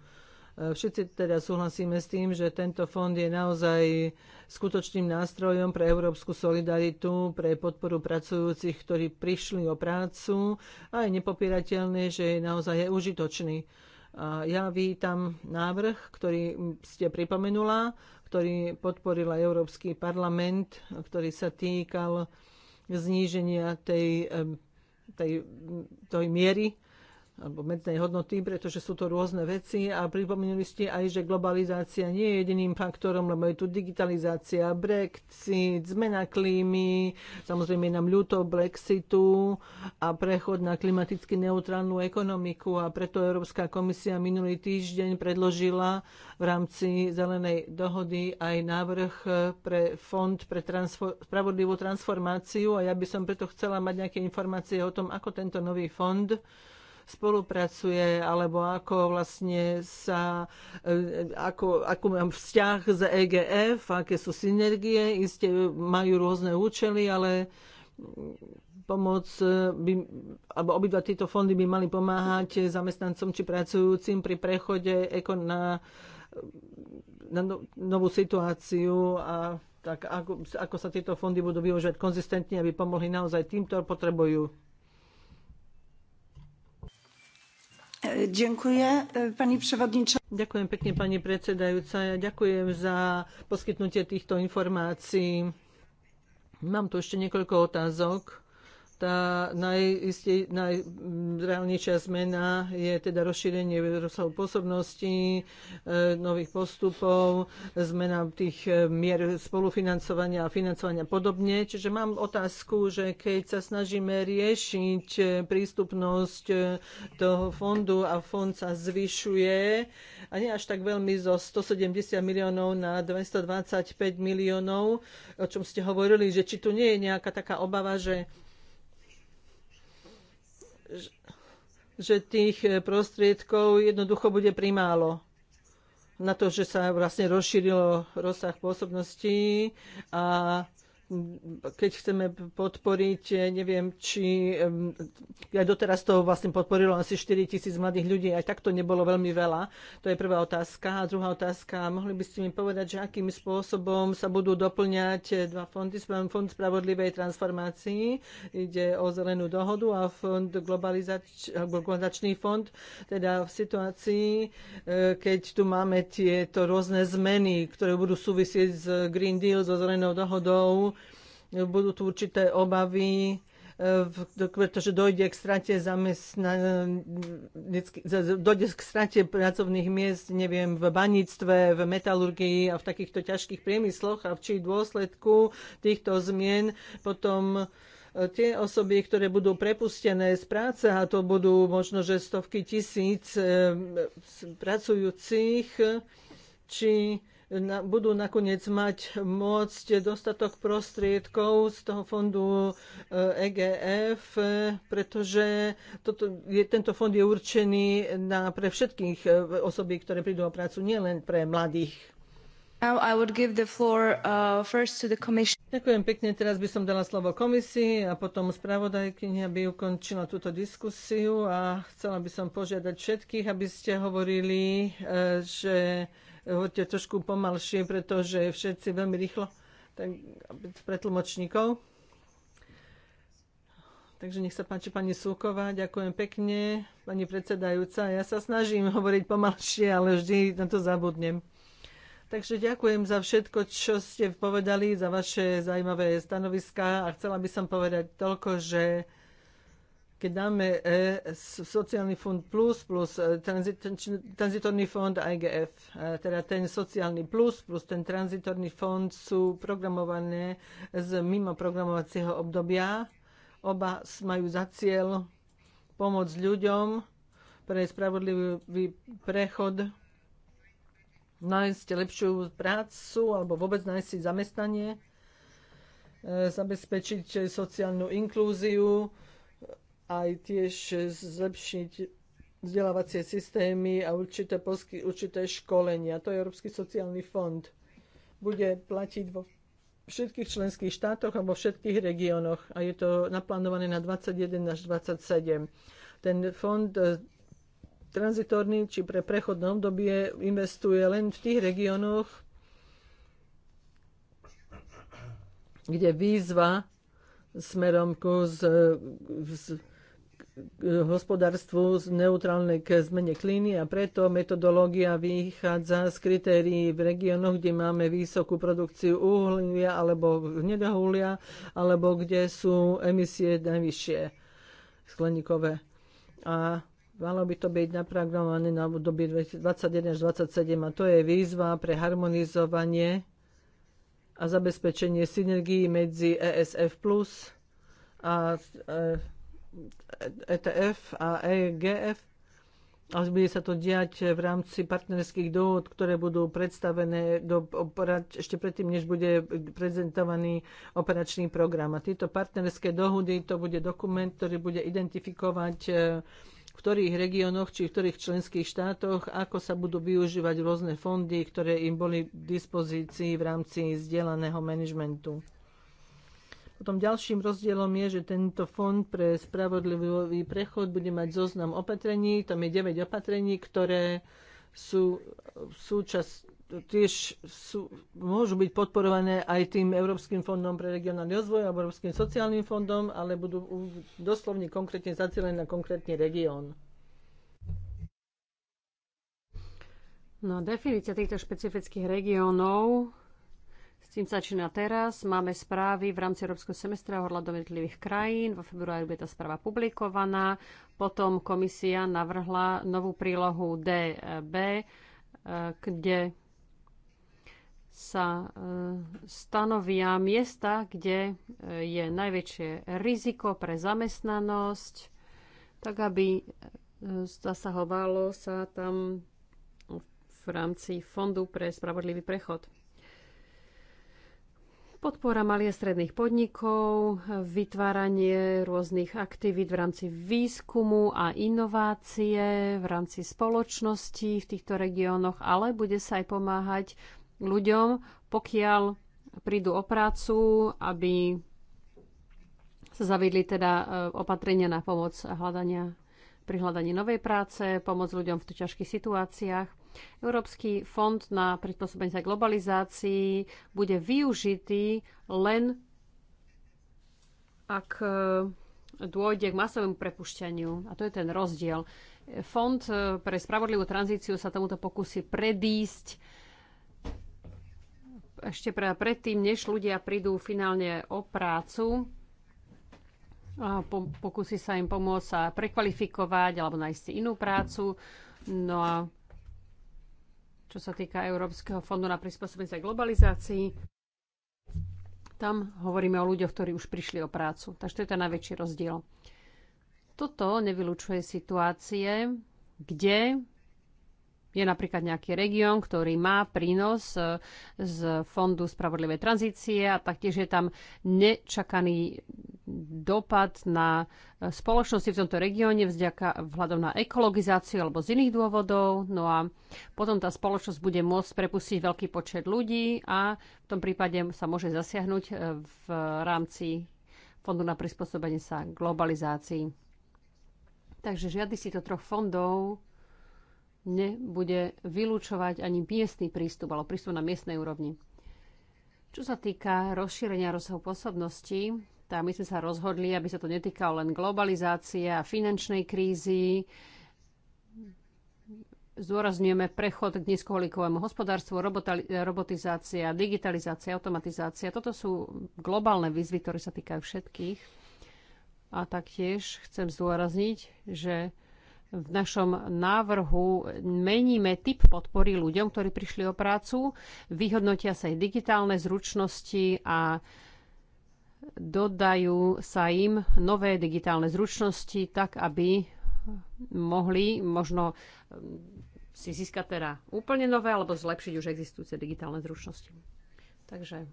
E, Všetci teda súhlasíme s tým, že tento fond je naozaj skutočným nástrojom pre európsku solidaritu, pre podporu pracujúcich, ktorí prišli o prácu a je nepopierateľné, že je naozaj užitočný ja vítam návrh, ktorý ste pripomenula, ktorý podporila Európsky parlament, ktorý sa týkal zníženia tej, tej, tej miery alebo medznej hodnoty, pretože sú to rôzne veci a pripomenuli ste aj, že globalizácia nie je jediným faktorom, lebo je tu digitalizácia, Brexit, zmena klímy, samozrejme je nám ľúto Brexitu a prechod na klimaticky neutrálnu ekonomiku a preto Európska komisia minulý týždeň predložila v rámci zelenej dohody aj návrh pre fond pre transfor- spravodlivú transformáciu a ja by som preto chcela mať nejaké informácie o tom, ako tento nový fond spolupracuje, alebo ako vlastne sa, e, ako, ako mám vzťah z EGF, aké sú synergie, iste majú rôzne účely, ale pomoc e, by, alebo obidva tieto fondy by mali pomáhať zamestnancom či pracujúcim pri prechode eko na, na no-, novú situáciu a tak ako, ako sa tieto fondy budú využívať konzistentne, aby pomohli naozaj tým, ktorí potrebujú. Ďakujem, pani pekne, pani predsedajúca. Ďakujem za poskytnutie týchto informácií. Mám tu ešte niekoľko otázok tá najreálnejšia zmena je teda rozšírenie rozsahu pôsobností, e, nových postupov, zmena tých e, mier spolufinancovania a financovania podobne. Čiže mám otázku, že keď sa snažíme riešiť e, prístupnosť toho fondu a fond sa zvyšuje, a nie až tak veľmi zo 170 miliónov na 225 miliónov, o čom ste hovorili, že či tu nie je nejaká taká obava, že že tých e, prostriedkov jednoducho bude primálo na to, že sa vlastne rozšírilo rozsah pôsobností a keď chceme podporiť, neviem, či ja doteraz to vlastne podporilo asi 4 tisíc mladých ľudí, aj tak to nebolo veľmi veľa. To je prvá otázka. A druhá otázka, mohli by ste mi povedať, že akým spôsobom sa budú doplňať dva fondy, Fond spravodlivej transformácii, ide o zelenú dohodu a Fond globalizač, globalizačný fond, teda v situácii, e, keď tu máme tieto rôzne zmeny, ktoré budú súvisieť s Green Deal, so zelenou dohodou, budú tu určité obavy, eh, pretože dojde k strate zamestnan... dojde k strate pracovných miest, neviem, v baníctve, v metalurgii a v takýchto ťažkých priemysloch a v či dôsledku týchto zmien potom eh, tie osoby, ktoré budú prepustené z práce, a to budú možno, že stovky tisíc eh, pracujúcich, či na, budú nakoniec mať môcť dostatok prostriedkov z toho fondu EGF, eh, e pretože toto, je, tento fond je určený na, pre všetkých eh, osoby, ktoré prídu o prácu, nielen pre mladých. Floor, uh, Ďakujem pekne. Teraz by som dala slovo komisii a potom spravodajkyni, aby ukončila túto diskusiu a chcela by som požiadať všetkých, aby ste hovorili, že hoďte trošku pomalšie, pretože všetci veľmi rýchlo tak pre tlmočníkov. Takže nech sa páči pani Súková, ďakujem pekne, pani predsedajúca. Ja sa snažím hovoriť pomalšie, ale vždy na to zabudnem. Takže ďakujem za všetko, čo ste povedali, za vaše zaujímavé stanoviská a chcela by som povedať toľko, že keď dáme e, sociálny fond plus plus e, tranzitorný fond IGF, e, teda ten sociálny plus plus ten tranzitorný fond sú programované z mimo programovacieho obdobia. Oba majú za cieľ pomôcť ľuďom pre spravodlivý prechod nájsť lepšiu prácu alebo vôbec nájsť si zamestnanie, zabezpečiť sociálnu inklúziu, aj tiež zlepšiť vzdelávacie systémy a určité, posky, určité školenia. To je Európsky sociálny fond. Bude platiť vo všetkých členských štátoch a vo všetkých regiónoch a je to naplánované na 21 až 27. Ten fond e, tranzitorný či pre prechodné obdobie investuje len v tých regiónoch, kde výzva smerom ku z, z hospodárstvu neutrálne k zmene klíny a preto metodológia vychádza z kritérií v regiónoch, kde máme vysokú produkciu uhlia alebo hnedého alebo kde sú emisie najvyššie skleníkové. A Malo by to byť naprogramované na obdobie 2021 až 2027, a to je výzva pre harmonizovanie a zabezpečenie synergií medzi ESF plus a e, ETF a EGF a bude sa to diať v rámci partnerských dohod, ktoré budú predstavené do, ešte predtým, než bude prezentovaný operačný program. A tieto partnerské dohody, to bude dokument, ktorý bude identifikovať e, v ktorých regiónoch či v ktorých členských štátoch, ako sa budú využívať rôzne fondy, ktoré im boli k dispozícii v rámci zdieľaného manažmentu. Potom ďalším rozdielom je, že tento fond pre spravodlivý prechod bude mať zoznam opatrení. Tam je 9 opatrení, ktoré sú súčasť tiež sú, môžu byť podporované aj tým Európskym fondom pre regionálny rozvoj alebo Európskym sociálnym fondom, ale budú doslovne konkrétne zacielené na konkrétny región. No, definícia týchto špecifických regiónov s tým začína teraz. Máme správy v rámci Európskeho semestra ohľadom jednotlivých krajín. Vo februári bude tá správa publikovaná. Potom komisia navrhla novú prílohu DB, eh, kde sa eh, stanovia miesta, kde eh, je najväčšie riziko pre zamestnanosť, tak aby zasahovalo sa tam v rámci Fondu pre spravodlivý prechod podpora malých a stredných podnikov, vytváranie rôznych aktivít v rámci výskumu a inovácie v rámci spoločnosti v týchto regiónoch, ale bude sa aj pomáhať ľuďom, pokiaľ prídu o prácu, aby sa zaviedli teda e, opatrenia na pomoc a hľadania pri hľadaní novej práce, pomoc ľuďom v ťažkých situáciách. Európsky fond na prispôsobenie sa globalizácii bude využitý len ak e, dôjde k masovému prepušťaniu. A to je ten rozdiel. Fond e, pre spravodlivú tranzíciu sa tomuto pokusí predísť ešte pre, predtým, než ľudia prídu finálne o prácu. A po, pokusí sa im pomôcť sa prekvalifikovať alebo nájsť si inú prácu. No a čo sa týka Európskeho fondu na prispôsobenie sa globalizácii. Tam hovoríme o ľuďoch, ktorí už prišli o prácu. Takže to je ten najväčší rozdiel. Toto nevylučuje situácie, kde je napríklad nejaký región, ktorý má prínos e, z Fondu spravodlivej tranzície a taktiež je tam nečakaný dopad na e, spoločnosti v tomto regióne vzďaka vzhľadom na ekologizáciu alebo z iných dôvodov. No a potom tá spoločnosť bude môcť prepustiť veľký počet ľudí a v tom prípade sa môže zasiahnuť e, v rámci Fondu na prispôsobenie sa globalizácii. Takže žiadny z týchto troch fondov nebude vylúčovať ani miestny prístup alebo prístup na miestnej úrovni. Čo sa týka rozšírenia rozsahu pôsobnosti, tak my sme sa rozhodli, aby sa to netýkalo len globalizácie a finančnej krízy. Zdôrazňujeme prechod k nízkoholikovému hospodárstvu, robotizácia, digitalizácia, automatizácia. Toto sú globálne výzvy, ktoré sa týkajú všetkých. A taktiež chcem zdôrazniť, že v našom návrhu meníme typ podpory ľuďom, ktorí prišli o prácu, vyhodnotia sa ich digitálne zručnosti a dodajú sa im nové digitálne zručnosti, tak aby mohli možno hm, si získať teda úplne nové alebo zlepšiť už existujúce digitálne zručnosti. Takže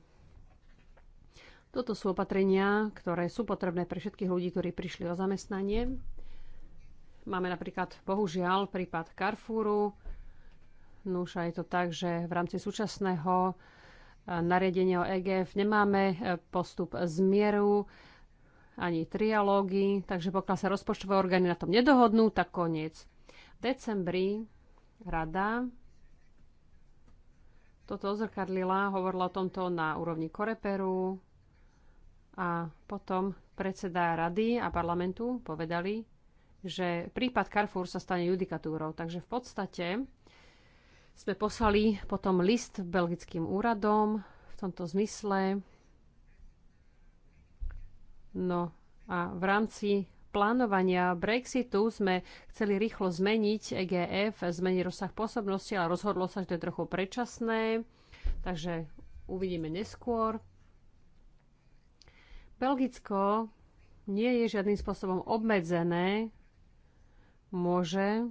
toto sú opatrenia, ktoré sú potrebné pre všetkých ľudí, ktorí prišli o zamestnanie Máme napríklad, bohužiaľ, prípad Carrefouru. No už je to tak, že v rámci súčasného e, nariadenia o EGF nemáme e, postup zmieru ani trialógy, takže pokiaľ sa rozpočtové orgány na tom nedohodnú, tak koniec. V decembri rada toto ozrkadlila, hovorila o tomto na úrovni Koreperu a potom predseda rady a parlamentu povedali, že prípad Carrefour sa stane judikatúrou. Takže v podstate sme poslali potom list belgickým úradom v tomto zmysle. No a v rámci plánovania Brexitu sme chceli rýchlo zmeniť EGF, zmeniť rozsah pôsobnosti, ale rozhodlo sa, že to je trochu predčasné, takže uvidíme neskôr. Belgicko nie je žiadnym spôsobom obmedzené môže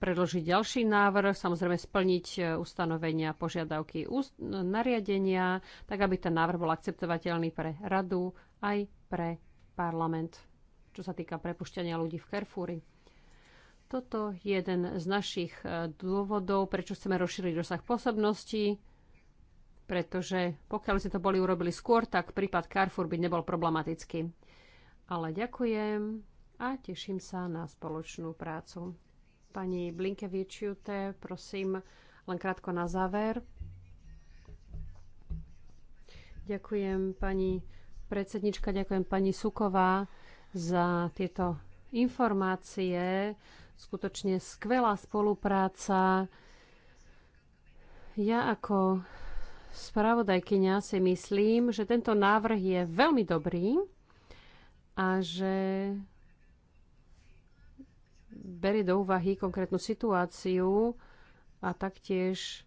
predložiť ďalší návrh, samozrejme splniť e, ustanovenia, požiadavky nariadenia, tak aby ten návrh bol akceptovateľný pre radu aj pre parlament, čo sa týka prepušťania ľudí v Kerfúri. Toto je jeden z našich e, dôvodov, prečo chceme rozšíriť rozsah pôsobnosti, pretože pokiaľ ste to boli urobili skôr, tak prípad Carrefour by nebol problematický. Ale ďakujem a teším sa na spoločnú prácu. Pani Blinkevičiute, prosím, len krátko na záver. Ďakujem pani predsednička, ďakujem pani Suková za tieto informácie. Skutočne skvelá spolupráca. Ja ako spravodajkyňa si myslím, že tento návrh je veľmi dobrý a že berie do úvahy konkrétnu situáciu a taktiež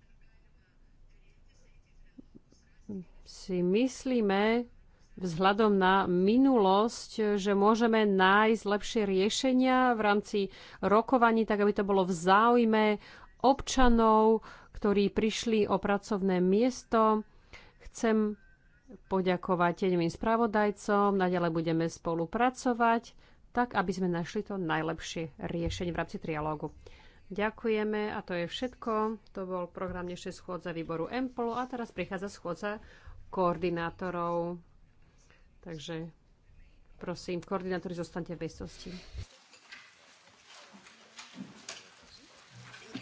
si myslíme vzhľadom na minulosť, že môžeme nájsť lepšie riešenia v rámci rokovaní, tak aby to bolo v záujme občanov, ktorí prišli o pracovné miesto. Chcem poďakovať jedným spravodajcom, naďalej budeme spolupracovať tak aby sme našli to najlepšie riešenie v rámci trialógu. Ďakujeme a to je všetko. To bol program dnešnej schôdze výboru EMPLO a teraz prichádza schôdza koordinátorov. Takže prosím, koordinátori, zostaňte v bezcosti.